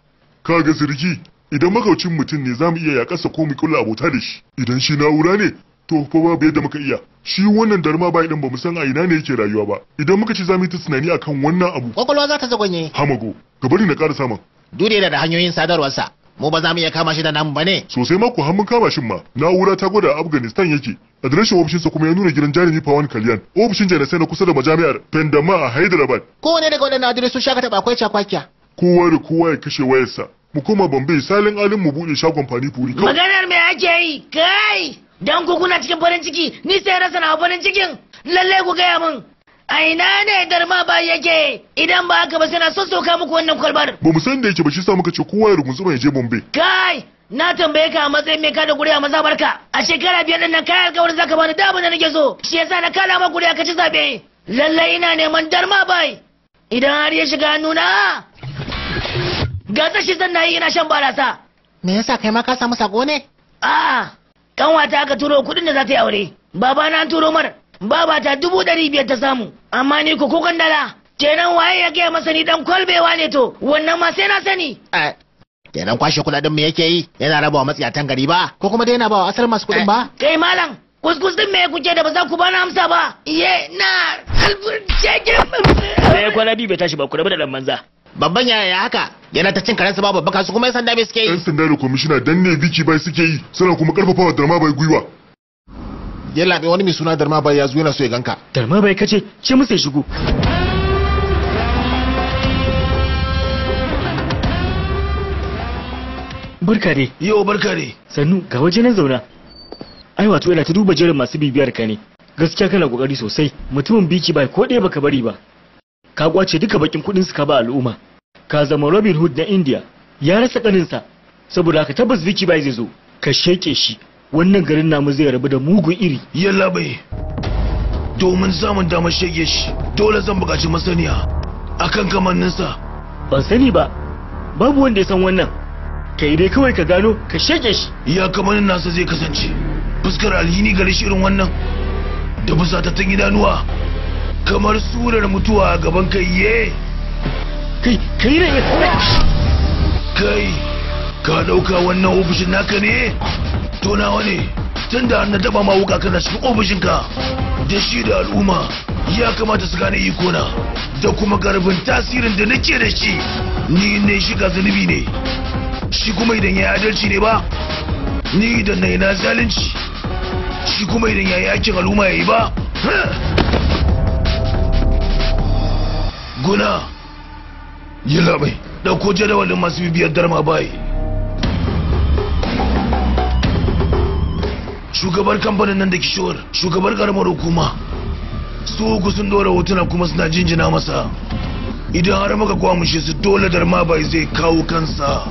Ka ga sirki idan makaucin mutum ne za mu iya yakarsa ko mu kulla abota da shi idan shi na'ura ne to fa babu yadda muka iya shi wannan darma bai din mu san a ina ne yake rayuwa ba idan muka ci zamu yi ta tunani akan wannan abu kwakwalwa za ta zagonye hamago ka bari na ƙara samun dure da hanyoyin sadarwar sa mu ba za mu iya kama shi da namu ba ne sosai ma ku har mun kama shin ma na'ura ta gwada afghanistan yake adireshin ofishinsa kuma ya nuna gidan jarumi pawan kalyan ofishin sai na kusa da majami'ar pendama a hyderabad kowane daga waɗannan adireshin shaka taɓa akwai cakwakiya kowa da kowa ya kashe wayarsa mu koma Bambe salin alin mu buɗe shagon fani furi maganar me ake yi kai dan ku kuna cikin farin ciki ni sai rasa na farin cikin lallai ku gaya min a ina ne darma ba yake idan ba haka ba sai na soka muku wannan kwalbar ba mu san da yake ba shi sa muka ce kowa ya ba ya je Bombay kai na tambaye ka a matsayin mai kada guri a maza ka a shekara biyar din nan kai alƙawarin zaka bani da da nake so shi yasa na kala ma guri aka ci zabe lallai ina neman darma bai idan har ya shiga nuna? ga shi zan na yi ina shan barasa me yasa kai ma ka samu sako ne a'a kanwata aka turo kuɗin da za ta yi aure baba na turo mar baba ta dubu ɗari biyar ta samu amma ni ko kukan dala kenan waye ya gaya masa ni dan kwalbewa ne to wannan ma sai na sani kenan kwashe kuɗaɗen mu yake yi yana rabawa matsiyatan gari ba ko kuma dai yana bawa asalin masu kuɗin ba kai malam kuskus din me kuke da ba za ku ba na amsa ba iye na halbur shege me kwalabi bai tashi ba ku da dan manza babban yaya ya haka yana ta cin karensa ba babban kasu kuma yan sanda bai suke yi yan sanda da kwamishina dan ne biki bai suke yi suna kuma karfafa wa darma bai gwiwa yalla bai wani mai suna darma bai ya zo yana so ya ganka darma bai kace ce musu ya shigo barka ne Yo barka ne sannu ga waje nan zauna ai wato ina ta duba jerin masu bibiyar ka ne gaskiya kana kokari sosai mutumin biki bai ko ɗaya baka bari ba ka kwace duka bakin kuɗin su ka ba al'umma ka zama robin hood na india ya rasa kaninsa saboda haka tabbas viki bai zai zo ka sheke shi wannan garin namu zai rabu da mugun iri yalla bai domin samun damar shege shi dole zan bukaci masaniya akan kamanninsa ban sani ba babu wanda ya san wannan kai dai kawai ka gano ka sheke shi ya kamannin nasa zai kasance fuskar alhini gare shi irin wannan da fusatattun idanuwa kamar surar mutuwa a gaban kai ye kai kai ne kai ka dauka wannan ofishin naka ne to nawa ne tun da na daba ma wuka kana cikin ofishinka da shi da al'umma ya kamata su gane ikona da kuma garbin tasirin da nake da shi ni ne shiga zunubi ne shi kuma idan ya adalci ne ba ni idan na yi na zalunci shi kuma idan ya yi aikin al'umma ya yi ba guna Yalla bai, ko jadawalin masu bibiyar darma bai. Shugabar kamfanin nan da kishowar, shugabar karamar hukuma. Su uku sun dora hotuna kuma suna jinjina masa. Idan har muka kwamushe su dole darma bai zai kawo kansa.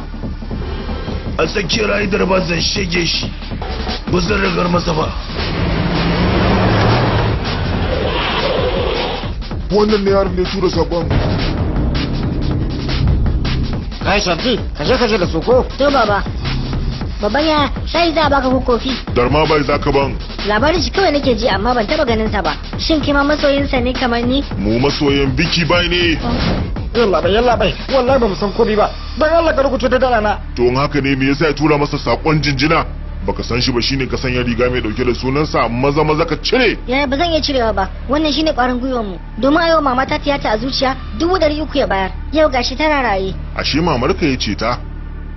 A tsakiyar ayi darba zan shege shi, ba zan ragar masa ba. Wannan ne harin da ya tura sabon. kai shanti ka je da su ko to baba baba ya sai za a baka ko kofi ma bai za ka ban labarin shi kawai nake ji amma ban taba ganin sa ba shin kima masoyinsa ne kamar ni mu masoyin biki bai ne yalla bai yalla bai wallahi ba mu san kofi ba dan Allah ka rubuta da dalana to haka ne me yasa ya tura masa sakon jinjina baka san shi ba shine ka sanya riga mai dauke da sunansa maza maza ka cire yaya eh, ba zan iya cirewa ba wannan shine kwarin gwiwar mu domin a yau mama ta tiyata a zuciya dubu dari uku ya bayar yau gashi tana raye ashe mamar ka ya ce ta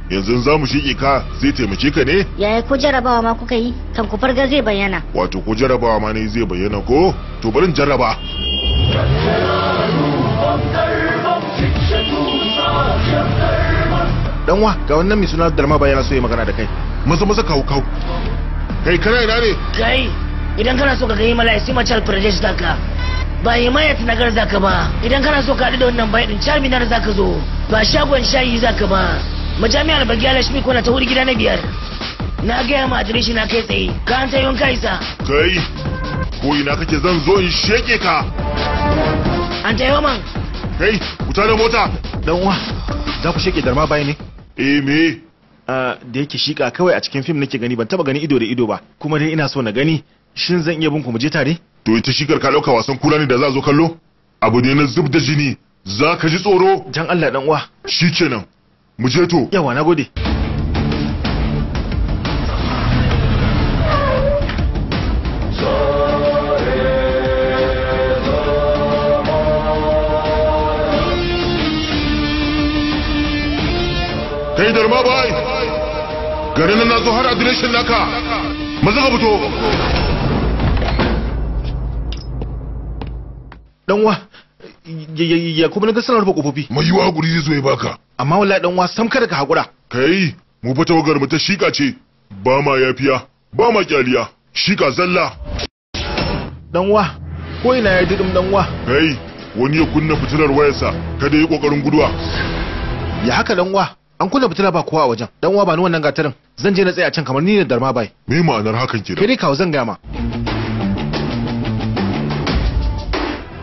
yanzu za mu shiƙe ka zai taimake ka ne yaya ko jarabawa ma kuka yi kan ku farga zai bayyana wato ko jarabawa ma ne zai bayyana ko to barin jarraba danwa ga wannan mai suna ba yana so ya magana da kai maza maza kawo kawo kai kana ina ne kai idan kana so ka gani mala sai macal pradesh ka. ba ta nagar ka ba idan kana so ka haɗu da wannan bai din za ka zo ba shagon shayi ka ba majami'ar bagiya lashmi kona ta wuri gida na biyar na gaya ma adireshi na kai tsaye ka an tayon kaisa kai ko ina kake zan zo in sheke ka an tayo man kai wuta da mota dan uwa za ku sheke darma bai ne eh me da yake shika kawai a cikin fim nake gani ban taba gani ido da ido ba kuma dai ina so na gani shin zan iya bin ku mu je tare to ita shikar ka dauka wasan kula ne da za zo kallo abu ne na zub da jini za ka ji tsoro jan Allah dan uwa shikenan mu je to yawa na gode kai darma bai garin na zo har adireshin naka maza ka fito danwa ya kuma na ga sanar rufe kofofi mai wa guri zai zo ya baka amma wallahi danwa sam kada ka hakura kai mu fita tawagar mu ta shika ce ba ma yafiya ba ma kyaliya shika zalla danwa ko ina ya didim danwa kai wani ya kunna fitilar wayarsa kada yi kokarin guduwa ya haka danwa an kula fitila ba kowa a wajen dan uwa ba ni wannan gatarin zan je na tsaya can kamar ni ne darma bai me ma'anar hakan ke da kai kawo zan ma.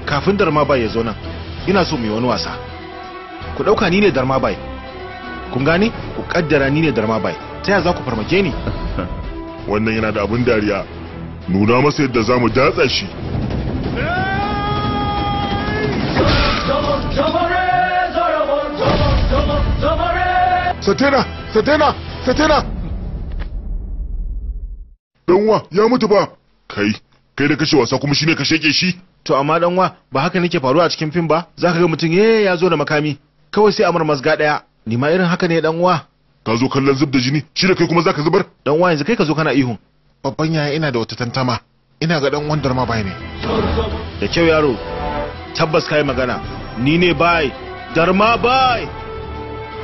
kafin darma bai ya zo nan ina so mu yi wani wasa ku dauka ni ne darma bai kun gane ku kaddara ni ne darma bai ta ya za ku farmake ni wannan yana da abin dariya nuna masa yadda za mu datsa shi Come on, come on! satena satena satena danwa ya mutu ba kai kai da kashe wasa kuma shine ka ke shi to amma danwa ba haka nake faruwa a cikin fim ba Za ka ga mutum eh ya zo da makami kawai sai amur mazga daya ni ma irin haka ne danwa ka zo kallon zub da jini shi da kai kuma za ka zubar danwa yanzu kai ka zo kana ihun babban yaya ina da wata tantama ina ga danwan darma bai ne da kyau yaro tabbas kai magana ni ne bai darma bai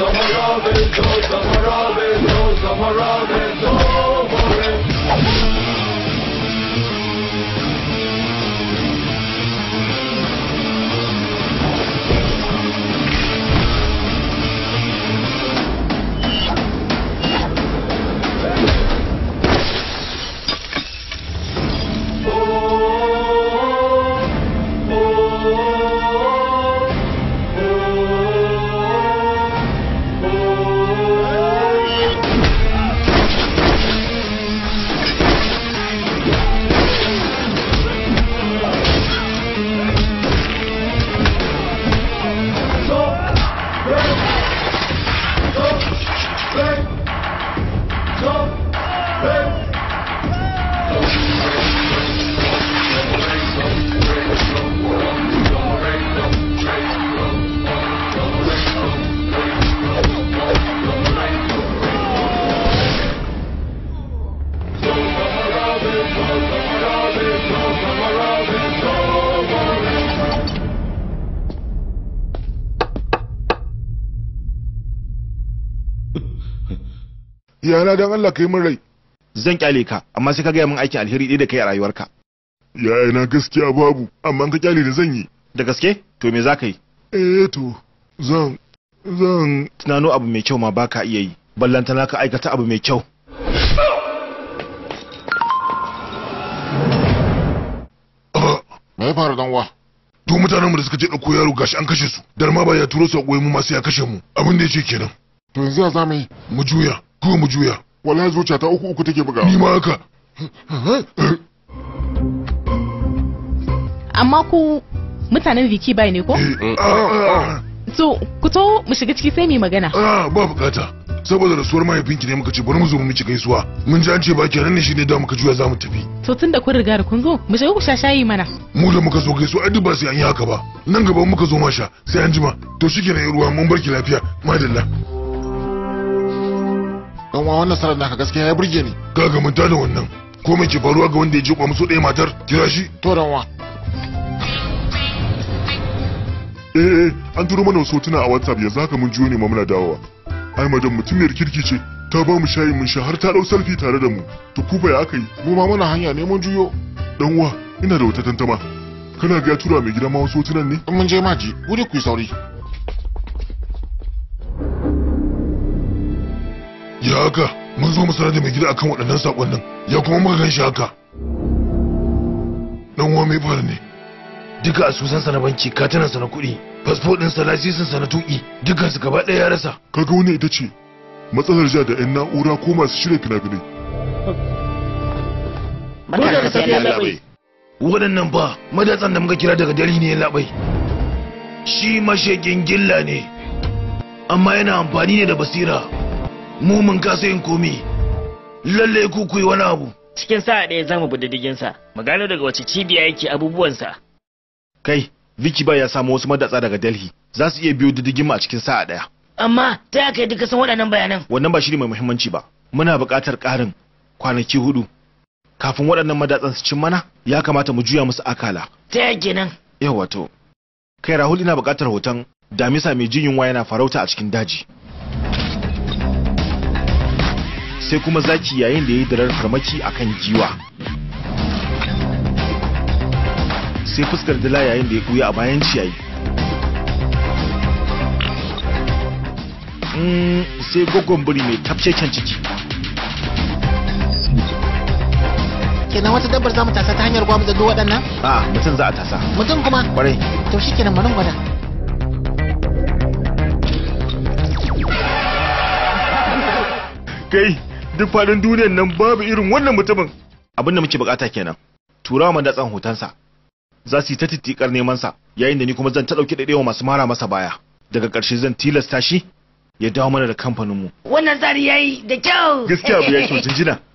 Zamarabe, Zamarabe, Zamarabe, Zamarabe, yayana don Allah ka yi min rai zan kyale ka amma sai ka gaya min aikin alheri ɗaya da kai a rayuwarka ya yayana gaskiya babu amma ka kyale da zan yi da gaske to me za ka yi eh to zan zan tunano abu mai kyau ma ba ka iya yi ballantana ka aikata abu mai kyau mai fara faru uwa to mutanen mu da suka je dauko yaro gashi an kashe su dar ma ba ya turo su a mu ma sai ya kashe mu abin da yake kenan to yanzu ya zamu yi mu juya kuma mu juya wallahi zuciya ta uku uku take bugawa ni ma haka amma ku mutanen viki bai ne ko eh, eh, ah, ah, ah. so ku to mu shiga ciki sai mu magana ba bukata saboda rasuwar mahaifinki ne muka ce bari mu zo mu miki gaisuwa mun ji an ce baki shi ne shine da muka juya za mu tafi to tunda kun riga da kun zo mu shiga ku sha shayi mana mu da muka zo gaisuwa ai ba sai an yi haka ba nan gaba muka zo masha sai an jima to shikenan ruwa mun barki lafiya madalla kan wa wannan sarar naka gaskiya ya burge ni kaga mun tada wannan ko mai ke faruwa ga wanda ya jiƙwa musu ɗaya matar kira shi to dan wa eh, eh an turo mana wasu a whatsapp yanzu haka mun jiyo ne ma muna dawowa ai madam mutumiyar kirki ce ta ba mu shayi mun sha har ta dau selfie tare da mu to kufa ya aka yi mu ma muna hanya ne mun juyo dan wa ina da wata tantama kana ga tura mai gida ma wasu hotunan ne mun je maji wuri ku yi sauri ya haka mun zo mu sanar da mai gida akan waɗannan saƙonnin ya kuma muka gan shi haka dan uwa mai fara ne duka sa na banki sa na kuɗi fasfo lasisin sa na tuƙi su gaba ɗaya ya rasa kaga wani ita ce matsalar ja da 'yan na'ura ko masu shirya fina-finai barka da safiya labai waɗannan ba madatsan da muka kira daga dare ne labai shi mashakin gilla ne amma yana amfani ne da basira mu mun kasa yin komi Lallai ku ku wani abu cikin sa'a ɗaya za mu bi diddigin sa mu gano daga wace cibiya yake abubuwansa kai Vicky ba ya samu wasu madatsa daga Delhi za su iya biyo diddigin mu a cikin sa'a ɗaya amma ta yaka duka san waɗannan bayanan wannan ba shi ne mai muhimmanci ba muna buƙatar ƙarin kwanaki hudu kafin waɗannan madatsan su cin mana ya kamata mu juya musu akala ta yake nan yawa to kai Rahul ina buƙatar hoton damisa mai jin yunwa yana farauta a cikin daji sai kuma zaki yayin da ya yi darar farmaki akan jiwa sai fuskar dila yayin da ya buya a bayan ciyayi mm, sai gogon biri mai can ciki kenan wata dabbar za mu tasa ta hanyar gwamnati duk waɗannan? a mutum za a tasa mutum kuma? ƙwarai to shi kenan marin gwada kai duk faɗin duniyan nan babu irin wannan mutumin abin da muke bukata kenan turawa man datsan hotonsa za su yi ta titikar neman sa yayin da ni kuma zan ta dauki daidaiwa masu mara masa baya daga ƙarshe zan tilasta shi ya dawo mana da kamfanin mu. wannan tsari yayi da kyau gaskiya bu ya kyau jinjina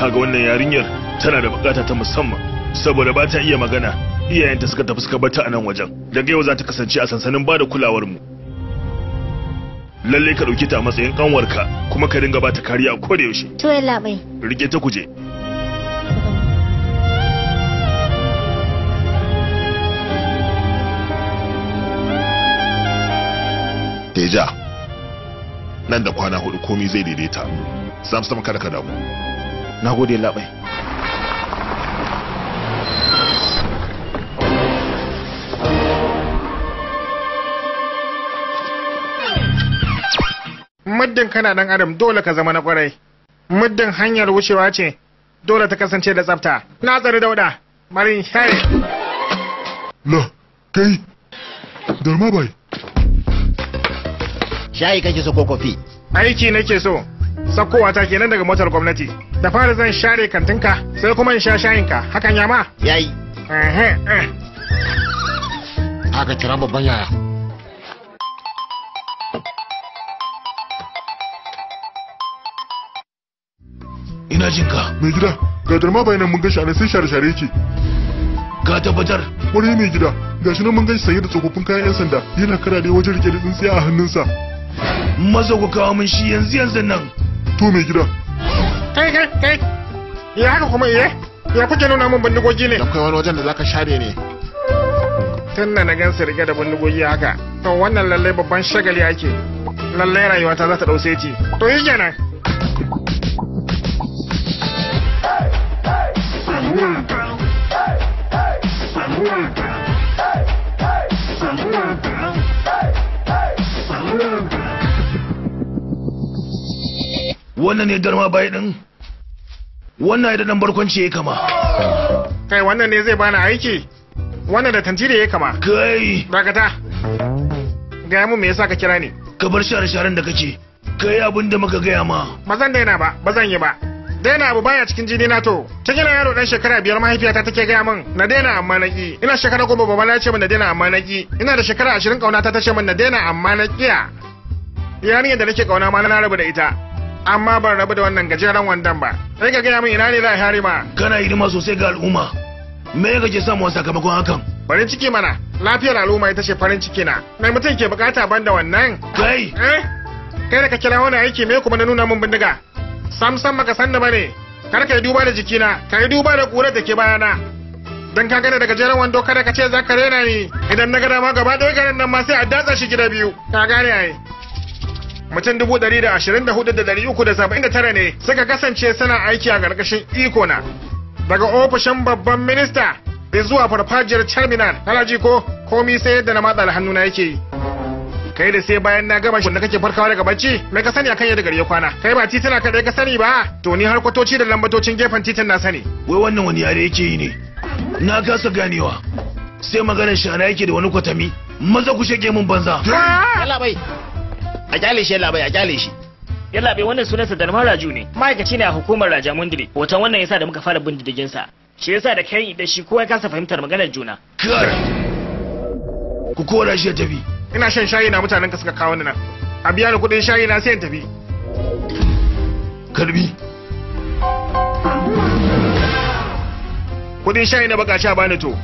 kaga wannan yarinyar tana da bukata ta musamman saboda ba ta iya magana iyayenta suka tafi suka bata a nan wajen daga yau za ta kasance a sansanin ba da kulawar mu lalle ka dauki ta a matsayin kanwarka kuma ka dinga ba ta kariya ko da yaushe to yalla bai rike ta kuje Teja nan da kwana hudu komai zai daidaita Samsam kada ka damu na gode labai muddin kana dan adam dole ka zama na kwarai muddin hanyar wucewa ce dole ta kasance da tsafta na tsari dauda marin shari la kai darma bai shayi kake so ko kofi aiki nake so Sakkowa ta kenan daga motar gwamnati da fara zan share kantinka sai kuma in sha shayinka hakan ya ma yayi eh. aka kira babban yaya ina jin ka mai gida ga darma bayanan mun gashi anan sai share share yake ka tabbatar wani mai gida shi nan mun gashi sanye da tsofaffin kayan yan sanda yana kara ne wajen rike da tsintsiya a hannunsa maza ku kawo min shi yanzu yanzu nan to mai gida kai kai kai ya haka kuma iye ya kuke nuna min bindigogi ne akwai wani wajen da zaka share ne tun na gan su da bindigogi haka to wannan lallai babban shagali ake lallai ta za ta ɗauke ci to yi kenan Thank you. wannan ne garma bai din wannan idan dan barkwanci ya kama kai wannan ne zai bani aiki wannan da tantire ya kama kai dakata gaya mu me yasa ka kira ni ka bar share-sharen da kake kai abinda da muka gaya ma ba zan daina ba ba zan yi ba daina abu baya cikin jini na to cikin yaro dan shekara biyar mahaifiyata take gaya min na daina amma na ki ina shekara goma baba na ce min na daina amma na ki ina da shekara ashirin kauna ta tace min na daina amma na kiya yarinyar da nake kauna ma na rabu da ita amma ban rabu da wannan gajeren wandon ba sai ka gaya min ina ne za a harima kana hidima sosai ga al'umma me kake samu sakamakon hakan farin ciki mana lafiyar al'umma ita ce farin ciki na Me mutum ke bukata ban da wannan kai eh? kai da ka kira wani aiki me kuma na nuna min bindiga sam sam maka san da ne kar ka yi duba da jikina ka yi duba da ƙurar da ke bayana dan ka gane daga jeren wando kada ka ce za ka rena ni idan na gada ma gaba ɗaya garin nan ma sai a datsa shi gida biyu ka gane ai mutum dubu ɗari da ashirin da hudu da ɗari uku da saba'in da tara ne suka kasance suna aiki a ƙarƙashin iko na daga ofishin babban minista da zuwa farfajiyar terminal alhaji ko komi sai yadda na matsa hannu na yake yi kai da sai bayan na gama shi da kake farkawa daga bacci me ka sani akan yadda gari ya kwana kai ba titina ka ka sani ba to ni har kwatoci da lambatocin gefen titin na sani wai wannan wani yare yake yi ne na kasa ganewa sai maganar shana yake da wani kwatami maza ku shege mun banza a kyale shi yalla a kyale shi yalla wannan sunansa da raju ne ma'aikaci ne a hukumar raja mundire hoton wannan yasa da muka fara bin didigin sa shi yasa da kai da shi kowa ya kasa fahimtar maganar juna kar ku kora shi ya tafi ina shan shayi na mutanen ka suka kawo ni nan a biya ni kuɗin shayi na sai in tafi karbi kudin shayi na baka sha bani to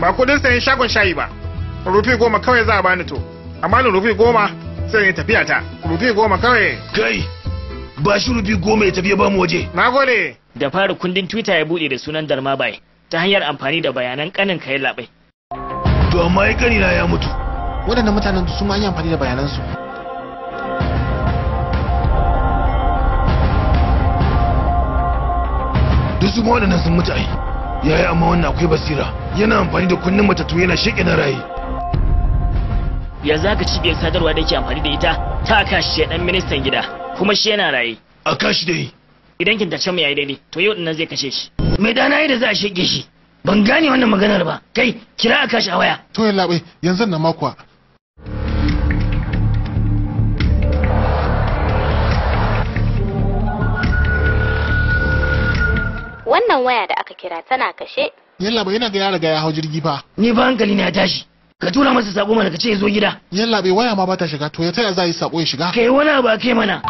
ba kudin sayan shagon shayi ba rufi goma kawai za a bani to amma rufi goma sai ya tafiya ta rufi goma kawai kai ba shi rufi goma ya tafiya ba mu waje na gode da fara kundin twitter ya bude da sunan darma bai ta hanyar amfani da bayanan kanin kai labai to amma ya kani na ya mutu waɗannan mutanen su ma an yi amfani da bayanansu duk su ma waɗannan sun mutu ai yaya amma wannan akwai basira yana amfani da kunnen matattu yana sheƙe na raye yanzu haka cibiyar sadarwa da ke amfani da ita ta akashi ya dan ministan gida kuma shi yana raye akashi dai idan kin tace mu yayi daidai to yau dinnan zai kashe shi me da nayi da za a shege shi ban gane wannan maganar ba kai kira akashi a waya to yalla bai yanzu na makwa wannan waya da aka kira tana kashe yalla bai yana ga ya riga ya hau jirgi fa ni ba hankali na ya tashi ka tura masa sako mana ka ce ya zo gida yalla bai waya ma bata shiga to ya taya za yi sako ya shiga kai wani ba kai mana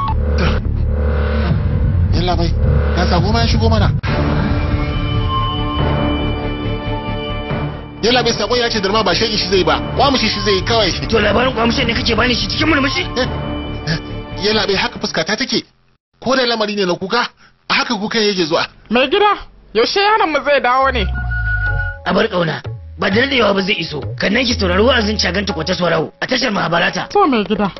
yalla bai ka sako ma ya shigo mana yalla bai sako ya ce darma ba shi zai ba kwamushi shi zai kawai to labarin kwamushin ne kake bani shi cikin murmushi eh, eh, yalla bai haka fuska ta take ko da lamari ne na kuka haka kuka yake zuwa mai gida yaushe yaron mu zai dawo ne a bar kauna ba da yawa ba zai iso kannan ki saurari wa'azin caganta kwata sauraro a tashar mahabarata to mai gida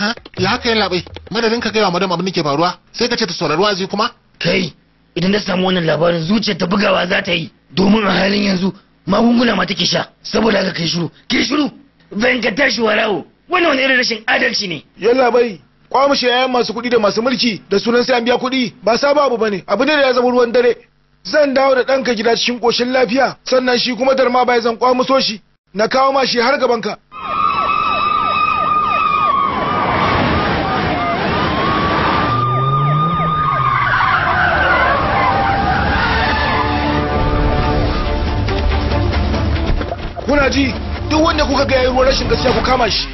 ha ya kai labai madadin ka kai wa madam abin da ke faruwa sai ka ce ta saurari wa'azi kuma kai idan ta samu wannan labarin zuciyar ta bugawa za ta yi domin a halin yanzu magunguna ma take sha saboda haka kai shiru ki shiru tashi warawo wannan wani irin rashin adalci ne yalla bai yayan masu kuɗi da masu mulki da sunan sai an biya kuɗi ba sabo abu bane abu ne da ya zama ruwan dare zan dawo da ɗanka gida cikin ƙoshin lafiya sannan shi kuma darma bai zan kwamuso shi na kawo ma shi har gabanka kuna ji duk wanda kuka ga yayin rashin gaskiya ku kama shi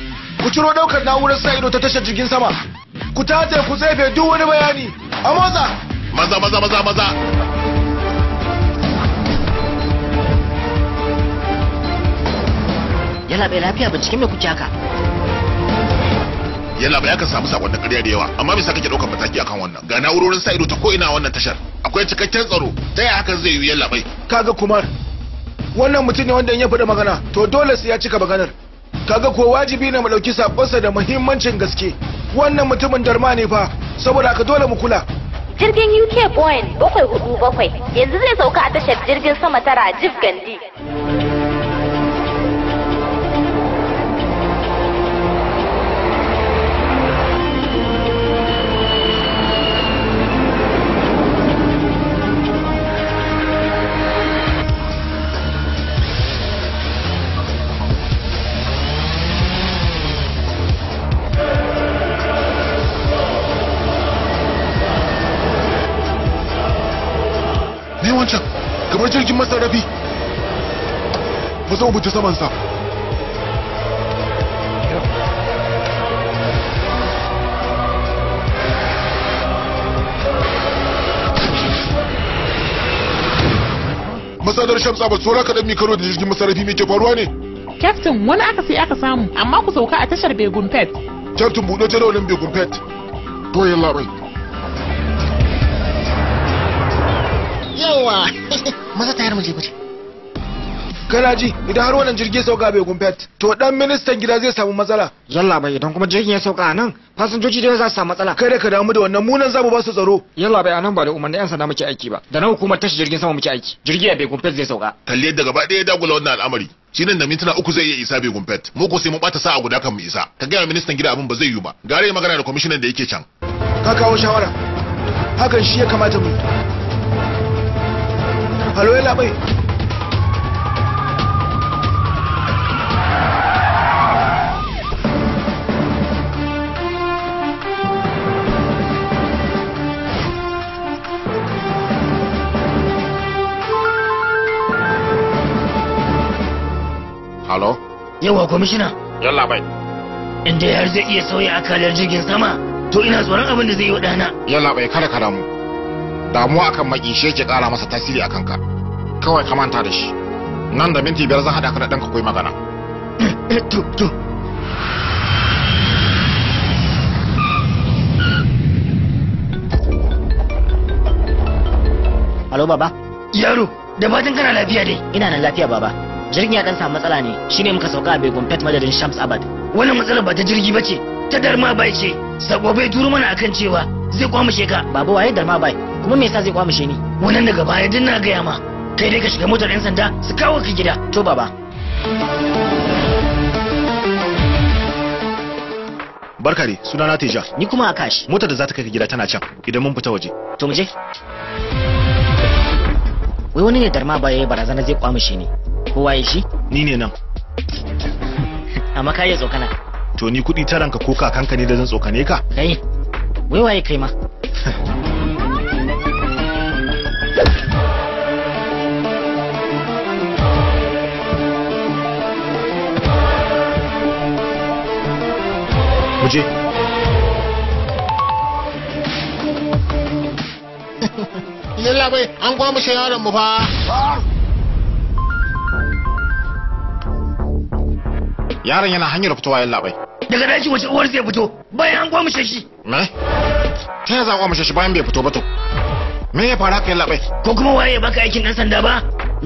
ku ciro daukar na'urar sa ido ta tashar jirgin sama ku tace ku tsefe duk wani bayani a motsa maza maza maza maza Yana bai lafiya binciken mai kuke haka Yana bai aka samu sakon da ƙarya da yawa amma bai sa ke ɗaukar mataki akan wannan ga na'urorin sa ido ta ko ina wannan tashar akwai cikakken tsaro ta yaya hakan zai yi yalla bai kaga kumar wannan mutum ne wanda ya faɗa magana to dole sai ya cika maganar kaga ko wajibi ne mu ɗauki sakonsa da muhimmancin gaske wannan mutumin darma ne fa saboda haka dole mu kula jirgin UK Boeing bakwai yanzu zai sauka a tashar jirgin sama tara Rajiv Gandhi masarrafi mu zo mu ji samansa masadar shamsa ba tsora kaɗan mi karo da jirgin masarafi mai ke faruwa ne captain wani aka sai aka samu amma ku sauka a tashar begun pet captain buɗe jadawalin begun pet to yalla bai yawa maza tayar mu je mu kana ji idan har wannan jirgin sauka bai gumfet to dan ministan gida zai samu matsala yalla bai idan kuma jirgin ya sauka nan fasinjoji dai za su samu matsala kada ka damu da wannan munan zamu ba su tsaro yalla bai anan ba da umarni yan sanda muke aiki ba da na hukumar tashi jirgin sama muke aiki jirgin bai gumfet zai sauka kalle daga ba ɗaya dagula wannan al'amari shi da mintuna uku zai iya isa bai gumfet mu ko sai mun bata sa'a guda kan mu isa ka ga ministan gida abin ba zai yi ba gare magana da kwamishinan da yake can ka kawo shawara hakan shi ya kamata mu halo ya labai Halo? Yawa kwamishina. Yalla bai. Inda har zai iya sauya akalar jirgin sama, to ina tsoron abin da zai yi wa ɗana. Yalla bai kada ka damu. damuwa akan maki shi yake kara masa tasiri akan ka kawai ka manta da shi nan da minti biyar zan haɗa ka da danka koyi magana Alo baba yaro da fatan kana lafiya dai ina nan lafiya baba jirgin ya dan samu matsala ne shine muka sauka a Begon Pet madadin Shams Abad wannan matsalar ba ta jirgi bace ta darma bai ce sabo bai turo mana akan cewa zai kwamushe ka babu waye darma bai kuma me yasa zai kwamushe ni wannan daga baya din na gaya ma kai dai ka shiga motar yan sanda su kawo ka gida to baba barkare sunana teja ni kuma akash motar da za ta kai ka gida tana can idan mun fita waje to mu je wai wani ne darma ba yayi barazana zai kwamushe ni ko waye shi ni ne nan amma ka iya tsokana to ni ta ranka ko kakanka ne da zan tsokane ka kai wai waye kai ma Muje. yalla bai an kwamushe yaron mu fa yaron yana hanyar fitowa yalla bai daga daki wace uwar zai fito bayan an gwamshe shi me ta ya za gwamshe shi bayan bai fito ba to me ya fara ka yalla bai ko kuma waye baka aikin dan sanda ba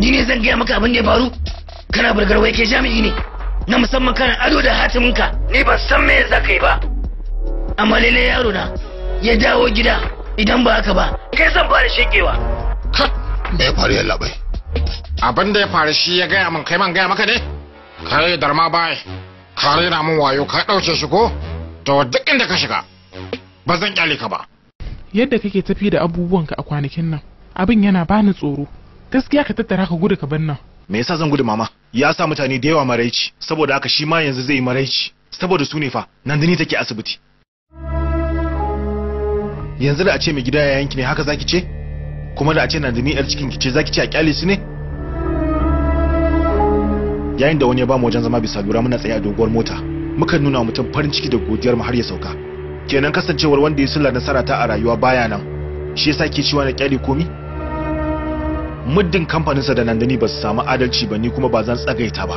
ni ne zan gaya maka abin da ya faru kana burgar wai ke jami'i ne na musamman kana ado da hatimin ka. ni ban san me za ka yi ba amma lele yaro na ya dawo gida idan ba haka ba kai zan fara shekewa me ya faru yalla bai abin da ya faru shi ya gaya min kai man gaya maka ne kai ma bai ka raina mun wayo ka ɗauke shi ko to duk inda ka shiga ba zan kyale ka ba yadda kake tafi da abubuwan ka a kwanakin nan abin yana bani tsoro gaskiya ka tattara ka gudu ka bar nan me yasa zan gudu mama ya sa mutane da yawa maraici saboda haka shi ma yanzu zai maraici saboda sune ne fa nandini take asibiti yanzu da a ce mai gida ya yanki ne haka zaki ce kuma da a ce dani yar cikin ki ce zaki ce a kyale su ne yayin da wani ya bamu wajen zama bisa lura muna tsaye a doguwar mota muka nuna wa mutum farin ciki da godiyar mu har ya sauka kenan kasancewar wanda ya sulla nasara ta a rayuwa baya nan shi yasa ke cewa na kyale komi muddin kamfaninsa da nandani ba su samu adalci ba ni kuma ba zan tsagaita ba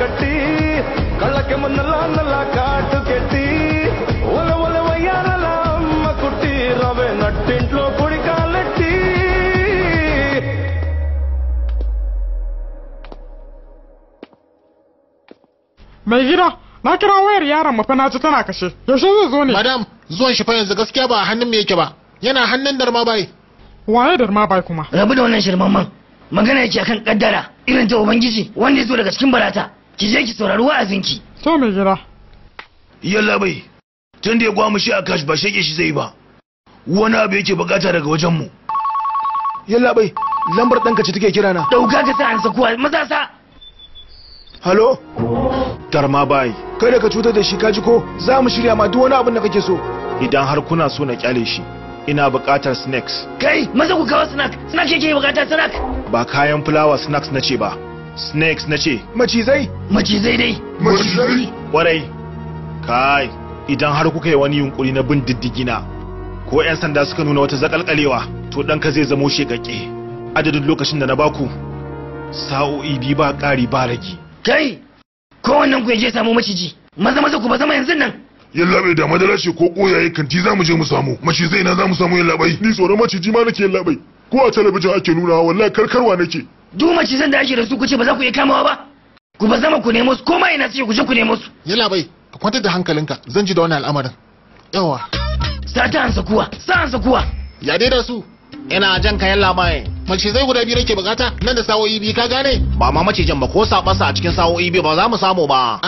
கட்டி கள்ளக்கு முன்னெல்லாம் நல்லா காட்டு கெட்டி ஒல ஒல వయ్యాలలా అమ్మ కుట్టి రవె నట్టింట్లో కుడికాలెట్టి mai gida na kira wayar yaron mafa na ci tana kashe yaushe zai zo ne madam zuwan shi fa yanzu gaskiya ba a hannun me yake ba yana hannun darma bai waye darma bai kuma rabu da wannan shirman man magana yake akan kaddara irin ta ubangiji wanda ya zo daga cikin barata ki je ki saurari wa'azinki to mai jira. yalla bai tun da ya gwamu shi a kash ba shake shi zai ba wani abu yake bukata daga wajen mu yalla bai lambar ɗanka ce take kira na dauka ka sa an sakuwa maza sa halo tarma bai kai da ka cutar da shi kaji ko za mu shirya ma duk wani abin da kake so idan har kuna so na kyale shi ina bukatar snacks kai maza ku kawo snack snack yake bukata snack ba kayan fulawa snacks na ce ba snakes na ce macizai macizai dai macizai kwarai kai idan har kuka yi wani yunkuri na bin diddigina ko 'yan sanda suka nuna wata zakalkalewa to ɗanka zai zamo shekake adadin lokacin da na baku sa'o'i biyu ba ƙari ba rage kai Ko wannan ku ya je samu maciji maza maza ku ba zama yanzu nan labe da madara ce ko koyaye kanti za mu je mu samu macizai na za mu samu labai ni tsoron maciji ma nake labai ko a talabijin ake nuna wallahi karkarwa nake duk macizan da ake da su kuce ba za ku iya kamawa ba ku ba zama ku nemo su koma ina ce ku je ku nemo su yalla bai ka kwanta da hankalinka zan ji da wannan al'amarin yawa Sa ta ansa kuwa sa ansa kuwa ya dai da su ina jan kayan labai macizai guda biyu nake bukata nan da sawoyi biyu ka gane ba ma macijin ba ko sa a cikin sawoyi biyu ba za mu samu ba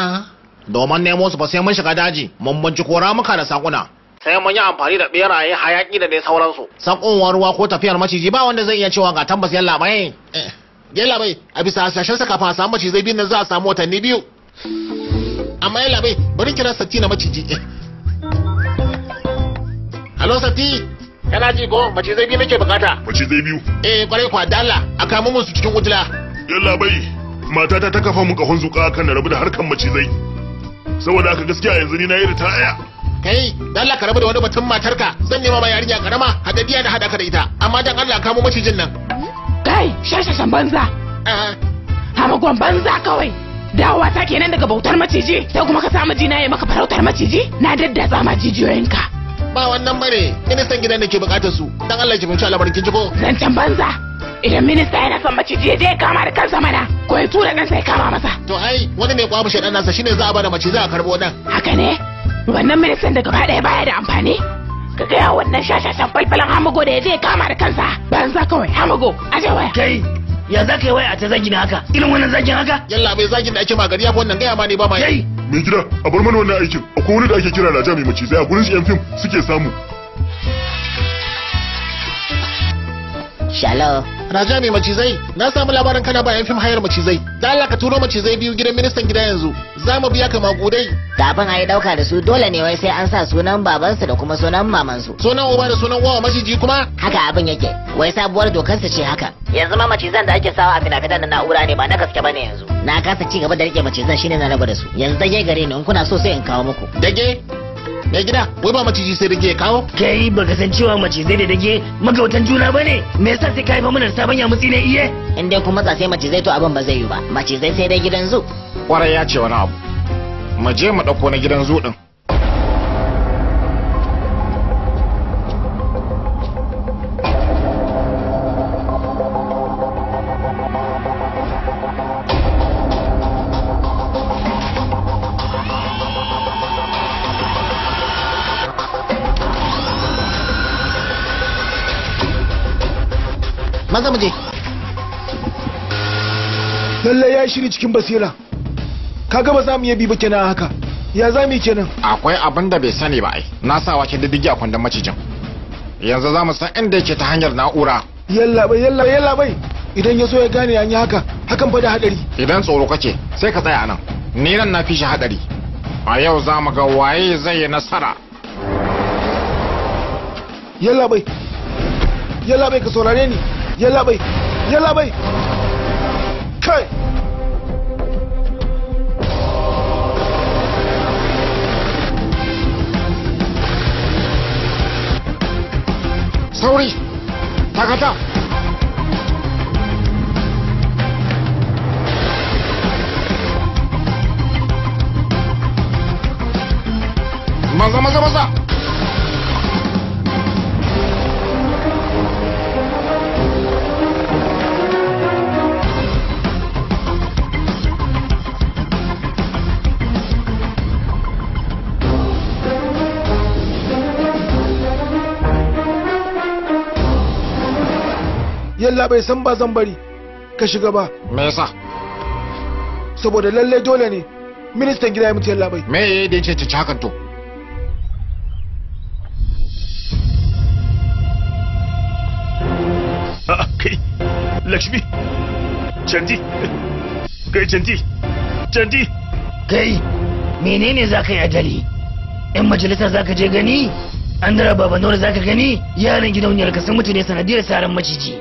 domin nemo su ba sai mun shiga daji mun binciko ramuka da sakuna sai mun yi amfani da beraye hayaki da dai sauransu sakon ruwa ko tafiyar maciji ba wanda zai iya cewa ga tambas yan labai eh. yalla bai a bisa hasashen sa kafin a samu macizai biyu nan za a samu watanni biyu amma yalla bai bari kira sati na maciji Halo sati kana ji ko macizai biyu nake bukata macizai biyu eh kwarai kwa dala a kama musu cikin ujula yalla bai matata ta kafa mun kahon zuka kan rabu da harkan macizai saboda haka gaskiya yanzu ni na yi ritaya kai dan Allah ka rabu da wani batun matarka zan nema ma yarinya karama hadadiya da hada ka da ita amma dan Allah ka mu macijin nan kai shashashan banza hamagon banza kawai dawowa ta kenan daga bautar maciji ta kuma ka samu jina ya maka farautar maciji na daddatsa ma jijiyoyinka ba wannan bane ministan gidan da ke bukatar su dan Allah ki fahimci al'amarin kin ji ko zancen banza idan minista yana son maciji ya je ya kama da kansa mana ko ya tura ɗansa ya kama masa to ai wani ne kwabu shedan nasa shine za a bada maciji za a karbo dan haka ne wannan ministan da gaba ɗaya baya da amfani ka gaya wannan shashashan falfalan hamago da ya je kama da kansa banza kawai hamago a je waya kai ya za ka yi waya a ta zagin haka irin wannan zagin haka yalla bai zagin da ake magari ya fi wannan gaya ma ne ba ma yi mai gida a bar mana wannan aikin akwai wani da ake kira raja mai macizai a gurin shi yan fim suke samu Shalom. raja mai macizai na samu labarin kana ba fim hayar macizai da Allah ka turo macizai biyu gidan ministan gida yanzu za mu biya ka magudai Da a yi dauka da su dole ne wai sai an sa sunan babansu da kuma sunan mamansu sunan uba da sunan uwa maciji kuma haka abin yake wai sabuwar dokarsa ce haka yanzu ma macizan da ake sawa a fina-finan na na'ura ne ba na gaske bane yanzu na kasa ci gaba da rike macizan shine na raba da su yanzu dage gare ni in kuna so sai in kawo muku dage mai gida wai ba maciji sai dage ya kawo kai ka san cewa macizai da dage magautan juna ba ne? me yasa sai ka fa mana sabon ya mutsi ne iye in dai kuma sai macizai to abin ba zai yi ba macizai sai dai gidan zu kwarai ya ce wani abu mu je mu dauko na gidan zu din maza mu je lallai ya shiri cikin basira kaga ba za mu yabi ba kenan haka ya za mu kenan akwai abin da bai sani ba ai na sa wace diddigi a kwandon macijin yanzu za mu san inda yake ta hanyar na'ura yalla bai yalla bai yalla bai idan ya so ya gane an haka hakan fa da hadari idan tsoro kake sai ka tsaya anan ni nan na fishi haɗari. hadari a yau za mu ga waye zai yi nasara yalla bai yalla bai ka saurare ni ये ला भाई ये ला भाई खै सौरी ताकता Маза, маза, маза! yalla bai san ba zan bari ka shiga ba me yasa saboda lalle dole ne ministan gida ya mutu yalla bai me yayi da yace ci hakan to kai lakshmi candi kai candi candi kai menene zaka yi adali yan majalisa zaka je gani an dara baban dole zaka gani yaran gidauniyar ka sun mutu ne sanadiyar saran maciji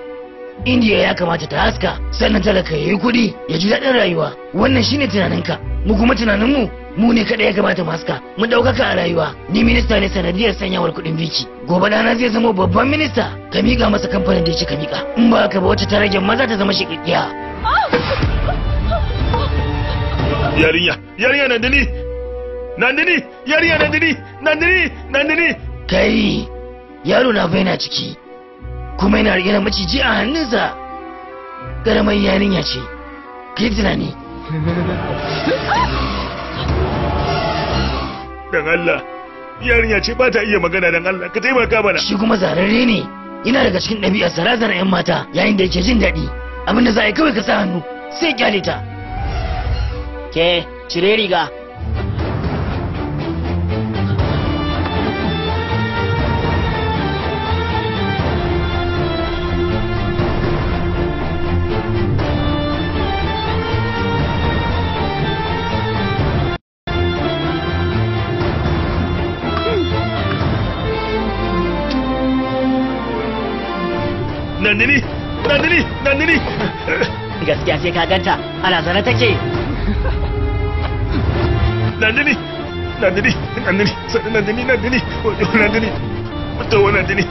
indiya ya kamata ta haska sannan talaka ya yi kuɗi ya ji daɗin rayuwa wannan shine tunaninka mu kuma tunaninmu mu ne kaɗai ya kamata mu haska mu ɗaukaka a rayuwa ni minista ne sanadiyar sanyawar kuɗin biki gobe dana zai zama babban minista ka miƙa masa kamfanin da ya ka miƙa in ba ka ba wacce ta rage maza ta zama shiƙiƙiya. yarinya yarinya nandini nandini yarinya nandini nandini nandini kai yaro na bai na ciki kuma yana riƙe da maciji a hannunsa yanin ya ce ke tunani dan Allah ya ce ba ta iya magana dan Allah ka taimaka mana shi kuma zarare ne yana daga cikin ɗabi'a sarazar 'yan mata yayin da yake jin daɗi abinda za a yi kawai ka sa hannu sai kyale ta ke cire riga Nandini! Nandini! Nandini! Gaskiya sai ka ganta, ana zana take. Nandini! Nandini! Nandini! Nandini! Nandini! Nandini! Mutuwa Nandini!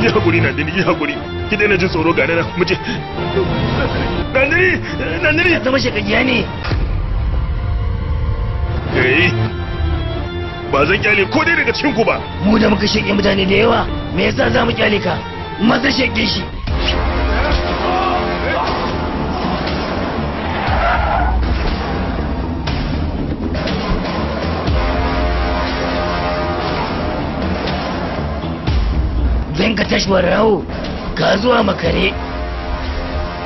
Yi haƙuri Nandini, yi haƙuri. Ki daina jin tsoro ga nan, mu je. Nandini! Nandini! Ka zama shakagiya ne. Eh, ba zan kyale ko dai daga cikin ku ba mu da muka shege mutane da yawa me yasa za mu kyale ka maza shege shi ka tashi rawo ka zuwa makare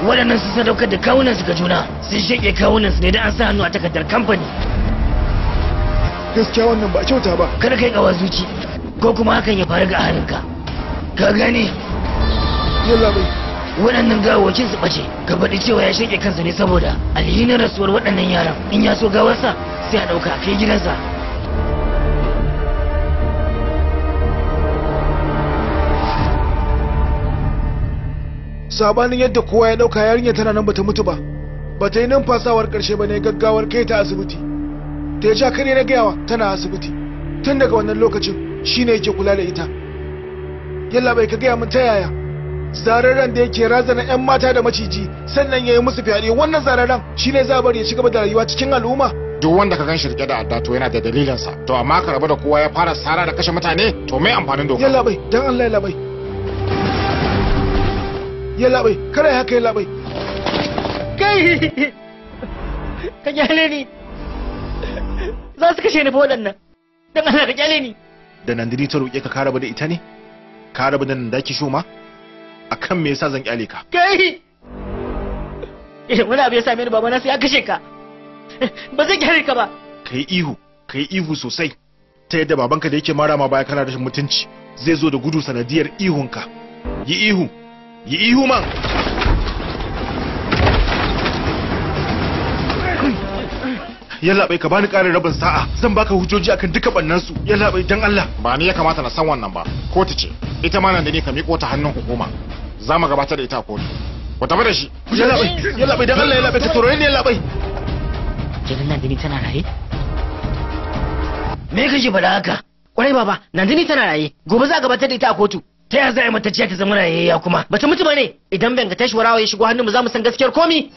waɗannan su sadaukar da kawunan su ga juna sun kawunan su ne da an sa hannu a takardar kamfani gaskiya wannan ba kyauta ba kada kai kawa zuci ko kuma hakan ya faru ga ahalinka ka gane yalla bai waɗannan gawawakin su ɓace ka faɗi cewa ya shake kansa ne saboda alhinin rasuwar waɗannan yaran in ya so gawarsa sai a ɗauka kai gidansa sabanin yadda kowa ya ɗauka yarinya tana nan bata mutu ba bata yi numfasawar ƙarshe ba ne gaggawar kai ta asibiti da ya ja kare na gayawa tana asibiti tun daga wannan lokacin shine yake kula da ita yalla bai ka gaya min ta yaya zararen da yake razana yan mata da maciji sannan ya yi musu fyaɗe wannan zararen ne za bari ya ci gaba da rayuwa cikin al'umma duk wanda ka gan shi rike da adda to yana da dalilinsa to amma ka rabu da kowa ya fara sara da kashe mutane to mai amfanin doka yalla bai dan Allah yalla bai yalla bai kada haka yalla bai kai ka gane ni za su kashe ni fa waɗannan dan Allah ka kyale ni da nandiri ta roƙe ka ka rabu da ita ne ka rabu da nan daki shoma akan me yasa zan kyale ka kai eh wani abu ya same ni baba na sai ya kashe ka ba zai kyale ka ba kai ihu kai ihu sosai ta yadda babanka da yake mara ma baya kana rashin mutunci zai zo da gudu sanadiyar ihunka yi ihu yi ihu man yalla bai ka bani karin rabin sa'a zan baka hujjoji akan duka bannan su yalla bai dan Allah ba ni ya kamata na san wannan ba kotu ce ita ma nan da ne ka miƙo ta hannun hukuma za mu gabatar da ita ko ku tafi da shi yalla bai yalla bai dan Allah yalla bai ka tsoro ne yalla bai kenan nan da ni tana raye me kake faɗa haka kwarai baba nandini tana raye gobe za a gabatar da ita a kotu ta yaya za a yi mata ciya ta zama raye ya kuma ta mutu ba ne idan ban ga tashi warawa ya shigo hannun mu za mu san gaskiyar komi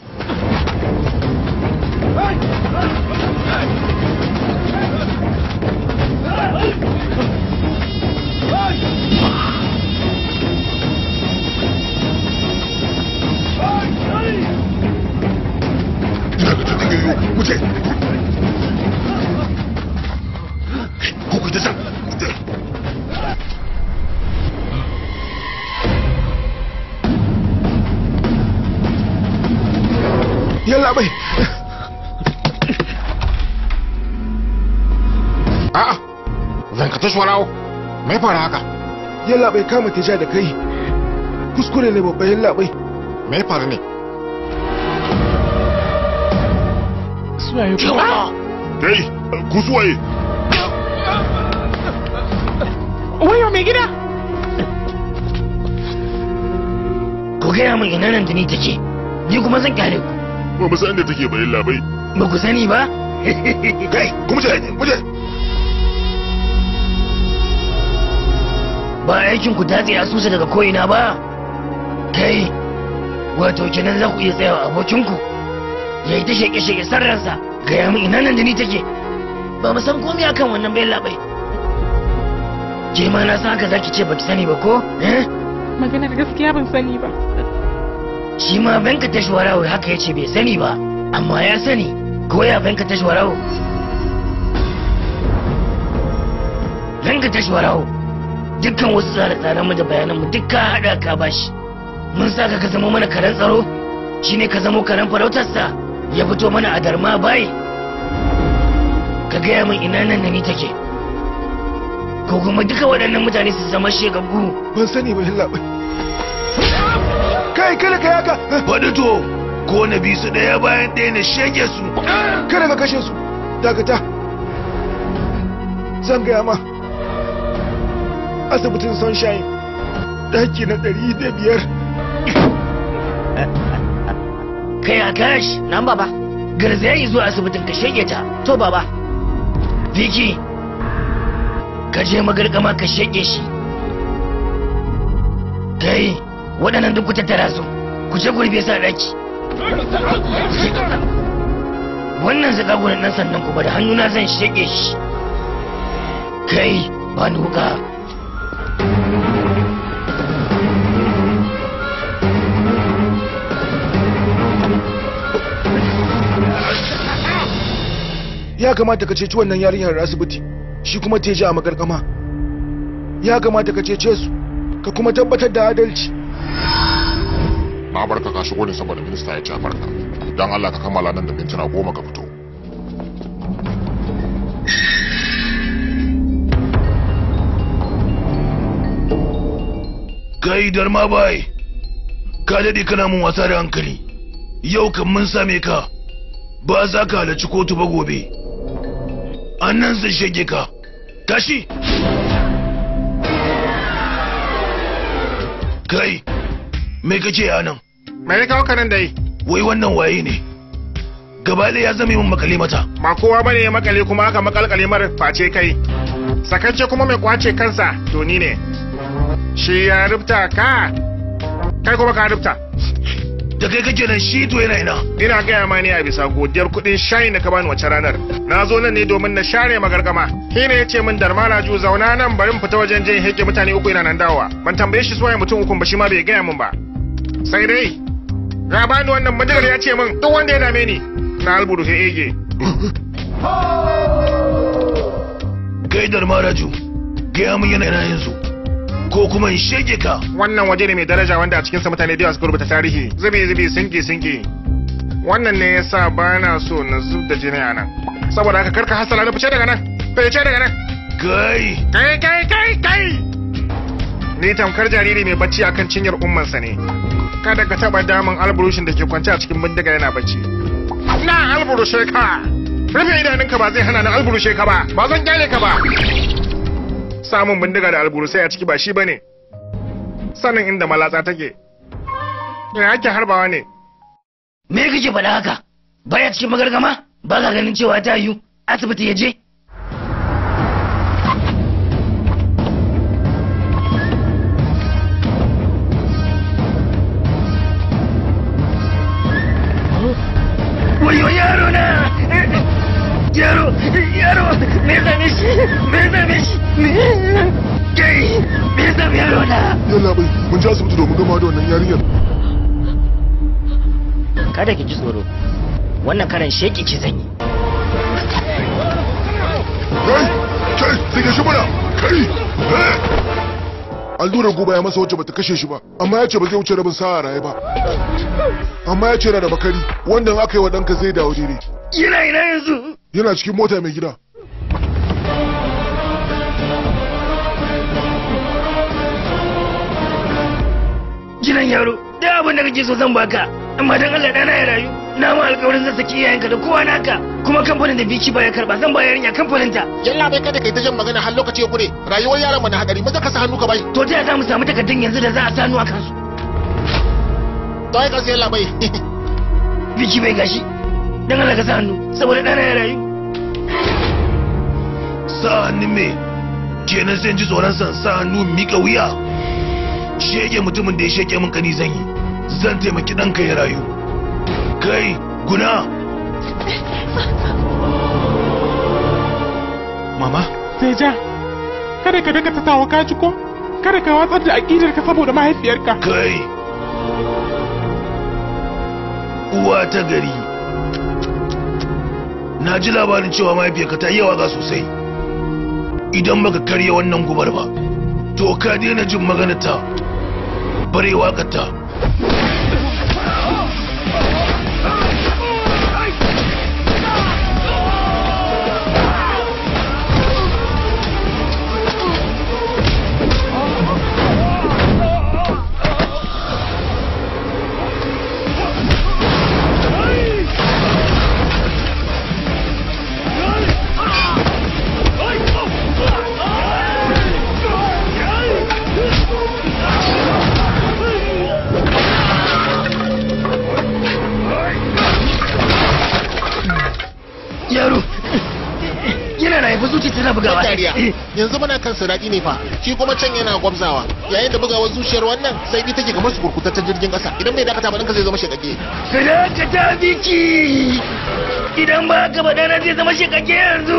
yalla bai a'a zan ka tushwarawo mai fara haka yalla bai kama tija da kai kuskure ne babba yalla bai mai fara ne suwaye kuma kai ku suwaye wayo mai gida ku gaya min ina nan da ni take ni kuma zan kyale ku ba mu san da take bayin labai ba ku sani ba kai ku muje je. ba aikin ku datse asusu daga koyina ba kai wato kenan za ku iya tsayawa abokinku ya yi ta sheke-sheke sarransa gaya min ina nan da ni take ba mu san komai akan wannan bayan labai ke ma na san haka zaki ce baki sani ba ko eh maganar gaskiya ban sani ba shi ma Venkatesh Warao haka yace bai sani ba amma ya sani ko ya Venkatesh Banka Venkatesh Warao dukkan wasu tsare-tsaren mu da bayanan mu dukkan hada ka bashi mun saka ka zama mana karen tsaro shine ka zamo karen farautarsa ya fito mana a darma bai ka gaya min ina nan da ni take ko kuma duka waɗannan mutane su zama shegaggu ban sani ba kai kada ka haka bada to ko na bi su ɗaya bayan ɗaya na shege su kada ka kashe su dakata zan gaya ma asibitin sunshine ɗaki na ɗari da biyar kai a kash nan baba garzaya zuwa asibitin ka shege ta to baba Viki ka je magargama ka shege shi kai waɗannan duk ku tattara su ku je ku rufe su wannan zaka gurin nan sannan ku ba da hannuna zan shege shi kai ba ni ya kamata ka ceci wannan yarinyar asibiti shi kuma teji a magarkama ya kamata ka cece su ka kuma tabbatar da adalci na barka ka shigo ne saboda minista ya ci a don allah ka kammala nan da mintuna goma ka fito kai darma bai ka daɗe kana mun wasa da hankali yau kan mun same ka ba za ka halarci kotu ba gobe nan zai shege ka tashi Kai, me kake a nan? Mai kawo ka nan dai? Wai wannan waye ne? Gaba ya zame min makale mata. Ba kowa bane ya makale kuma aka makalkale mara face kai. Sakance kuma mai kwace kansa to ne. Shi ya rubta ka? Kai kuma ka rubta. da kai kake nan shi to yana ina ina gaya ma ne a bisa godiyar kuɗin shayin da ka bani wace ranar na zo nan ne domin na share magargama shi ne ya ce min darmala ju zauna nan bari mu fita wajen jin heke mutane uku ina nan dawowa ban tambaye shi zuwa mutum uku ba shi ma bai gaya min ba sai dai ya bani wannan madigar ya ce min duk wanda ya dame ni na alburu he ege kai darmala ju gaya min yana ina yanzu ko kuma in shege ka wannan waje ne mai daraja wanda a cikinsa mutane da yawa suka rubuta tarihi zubi zubi sinki sinki wannan ne yasa ba na so na zub da jini a nan saboda haka karka hasala na fice daga nan fice daga nan kai kai kai kai kai ni tamkar jariri mai bacci akan cinyar ummansa ne kada ka taba damun alburushin da ke kwance a cikin bindiga yana bacci na alburushe ka rufe idanunka ba zai hana na alburushe ka ba ba zan kyale ka ba samun bindiga da alburusai a ciki ba shi bane sanin inda malatsa take ina ake harbawa ne me kake faɗa haka baya cikin magargama ba ka ganin cewa ta yiwu asibiti ya je dawo nan yarinyar kada ki ji tsoro wannan karan sheki ki zanyi kai kai tsige shi mana kai eh. allurar guba ya masa wacce bata kashe shi ba amma ya ce ba zai wuce rabin sa'a raye ba amma ya ce na da bakari wannan aka yi wa ɗanka zai dawo daidai yana ina yanzu yana cikin mota mai gida jiran yaro da abin da kake so zan baka amma dan Allah dana ya rayu na mu alƙawarin zan saki iyayenka da kowa naka kuma kamfanin da biki baya karba zan ba yarinya kamfanin ta yalla bai kada kai ta jin magana har lokaci ya gure rayuwar yaran mu na hadari maza ka sa hannu ka bai to ta za mu samu takardun yanzu da za a sanu a kansu to ai ka sai yalla bai biki bai gashi dan Allah ka sa hannu saboda dana ya rayu sa hannu me kenan sai ji tsoron san sa hannu mika wuya shege mutumin da ya sheke min kani zan yi zan taimaki ɗanka ya rayu kai guna mama ja kada ka daga tawa ka ko kada ka watsar da ka saboda mahaifiyarka kai uwa ta gari na ji labarin cewa mahaifiyarka ta yi waga sosai idan baka karya wannan gubar ba to ka daina jin ta. Бери Вагата. bugawa yanzu muna kan sadaki ne fa shi kuma can yana gwamzawa yayin da bugawar zuciyar wannan sai bi take kamar su ta jirgin kasa idan bai dakata ba ka zai zama shekake ta biki idan ba ka ba ɗana zai zama shekake yanzu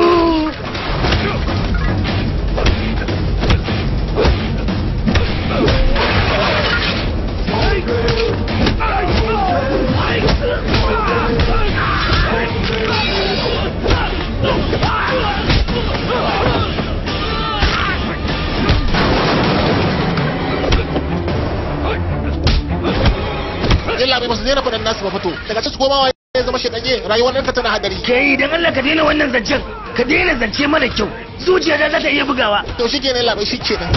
yalla mai basu daina faɗan nasu ba fito daga cikin komawa ya zama shekage rayuwar ɗanka tana hadari kai idan Allah ka daina wannan zancen ka daina zance mana kyau zuciya ta za ta iya bugawa to shi kenan labai shi kenan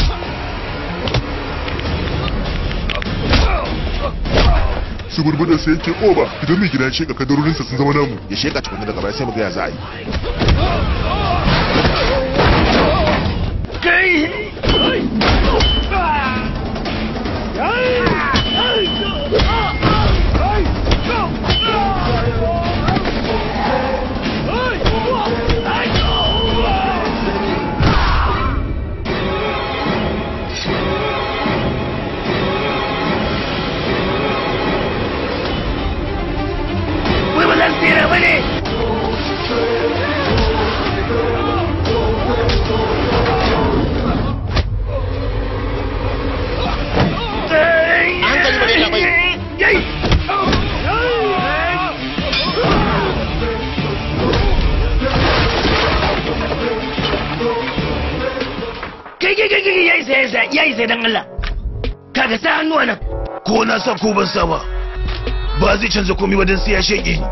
su da sai yake oba idan mai gida ya sheka kadarorinsa sun zama namu ya sheka tukunna daga baya sai mu ga ya za a yi kai ya isa ya isa ya isa dan Allah kaga sa hannuwa nan ko na sa ko ban sa ba ba zai canza komai ba dan sai ya shege ni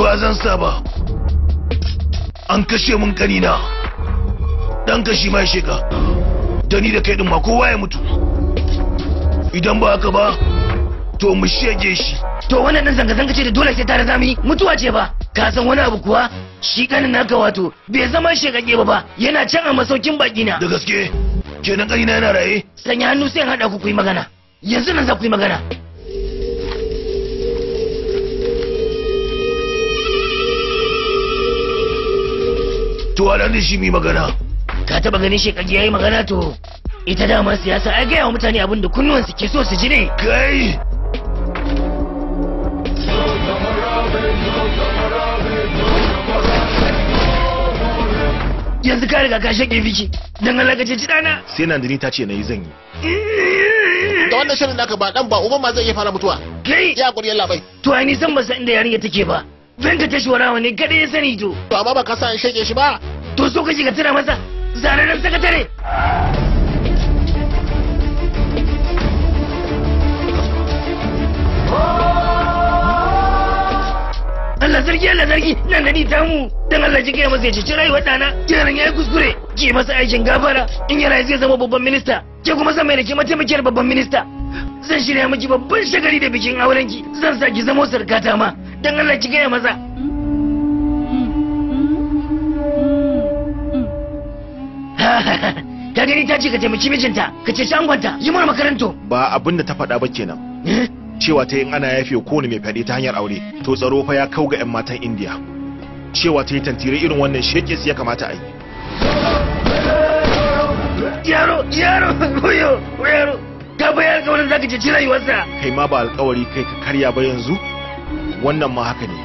ba zan sa ba an kashe mun kanina dan kashi ma ya sheka da ni da kai din ma kowa ya mutu idan ba haka ba to mu shege shi to wannan dan zanga zanga ce da dole sai tare zamu yi mutuwa ce ba ka san wani abu kuwa shi kanin naka wato bai zama shekake ba ba yana can a masaukin baki na da gaske kenan kanina yana raye sanya hannu sai hada ku yi magana yanzu nan za ku yi magana to a da shi mai magana ka taba ganin shekage yayi magana to ita dama siyasa ai gaya wa mutane abin da kunnuwan su ke so su ji ne kai yanzu ka riga ka shake biki dan Allah ka ceci dana sai Nandini ta ce nayi zan yi da wannan shirin naka ba dan ba uban ma zai iya fara mutuwa kai ya guriyar bai. to ai ni san ba san inda yarinya take ba dan ka tashi warawa ne kada ya sani to to amma ba ka sa shake shi ba to so ka ka tira masa zanen sakatare Allah sarki Allah sarki nan da ni tamu dan Allah jike masa ya cici rayuwar dana kiran yayi kuskure ki masa aikin gafara in yana zai zama babban minista ke kuma san mai da ke mataimakiyar babban minista zan shirya miki babban shagari da bikin ki zan sa ki zama sarkata ma dan Allah ki gaya masa ka gani ta ce ka taimaki mijinta ka ce angonta yi mana makaranto ba abin da ta faɗa ba kenan eh? cewa ta yin ana yafe kowane mai fyaɗe ta hanyar aure to tsaro fa ya kau ga 'yan matan indiya cewa ta yi tantire irin wannan sheke ya kamata a yi yaro yaro goyo yaro ka bayar ga wani zaka yi wasa kai ma ba alkawari kai ka karya ba yanzu wannan ma haka ne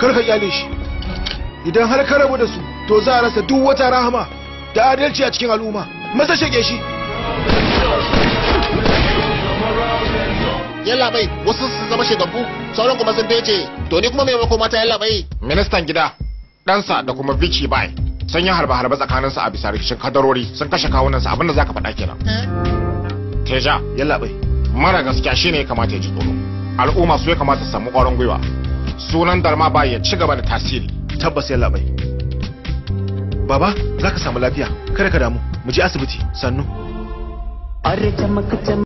kar ka kyale shi idan har ka rabu da su to za a rasa duk wata rahama da adalci a cikin al'umma masa shege shi yalla bai wasu su zama shigabbu sauran kuma sun bece to ni kuma mai mako mata yalla bai ministan gida ɗansa da kuma vici bai sun yi harba harba sa a bisa rikicin kadarori sun kashe kawunansa abinda zaka faɗa kenan eh? teja yalla bai mara gaskiya shine ya kamata ya ji tsoro al'umma su ya kamata samu ƙwarin gwiwa sunan darma bai ya ci gaba da tasiri tabbas yalla bai baba za ka samu lafiya kada ka damu mu je asibiti sannu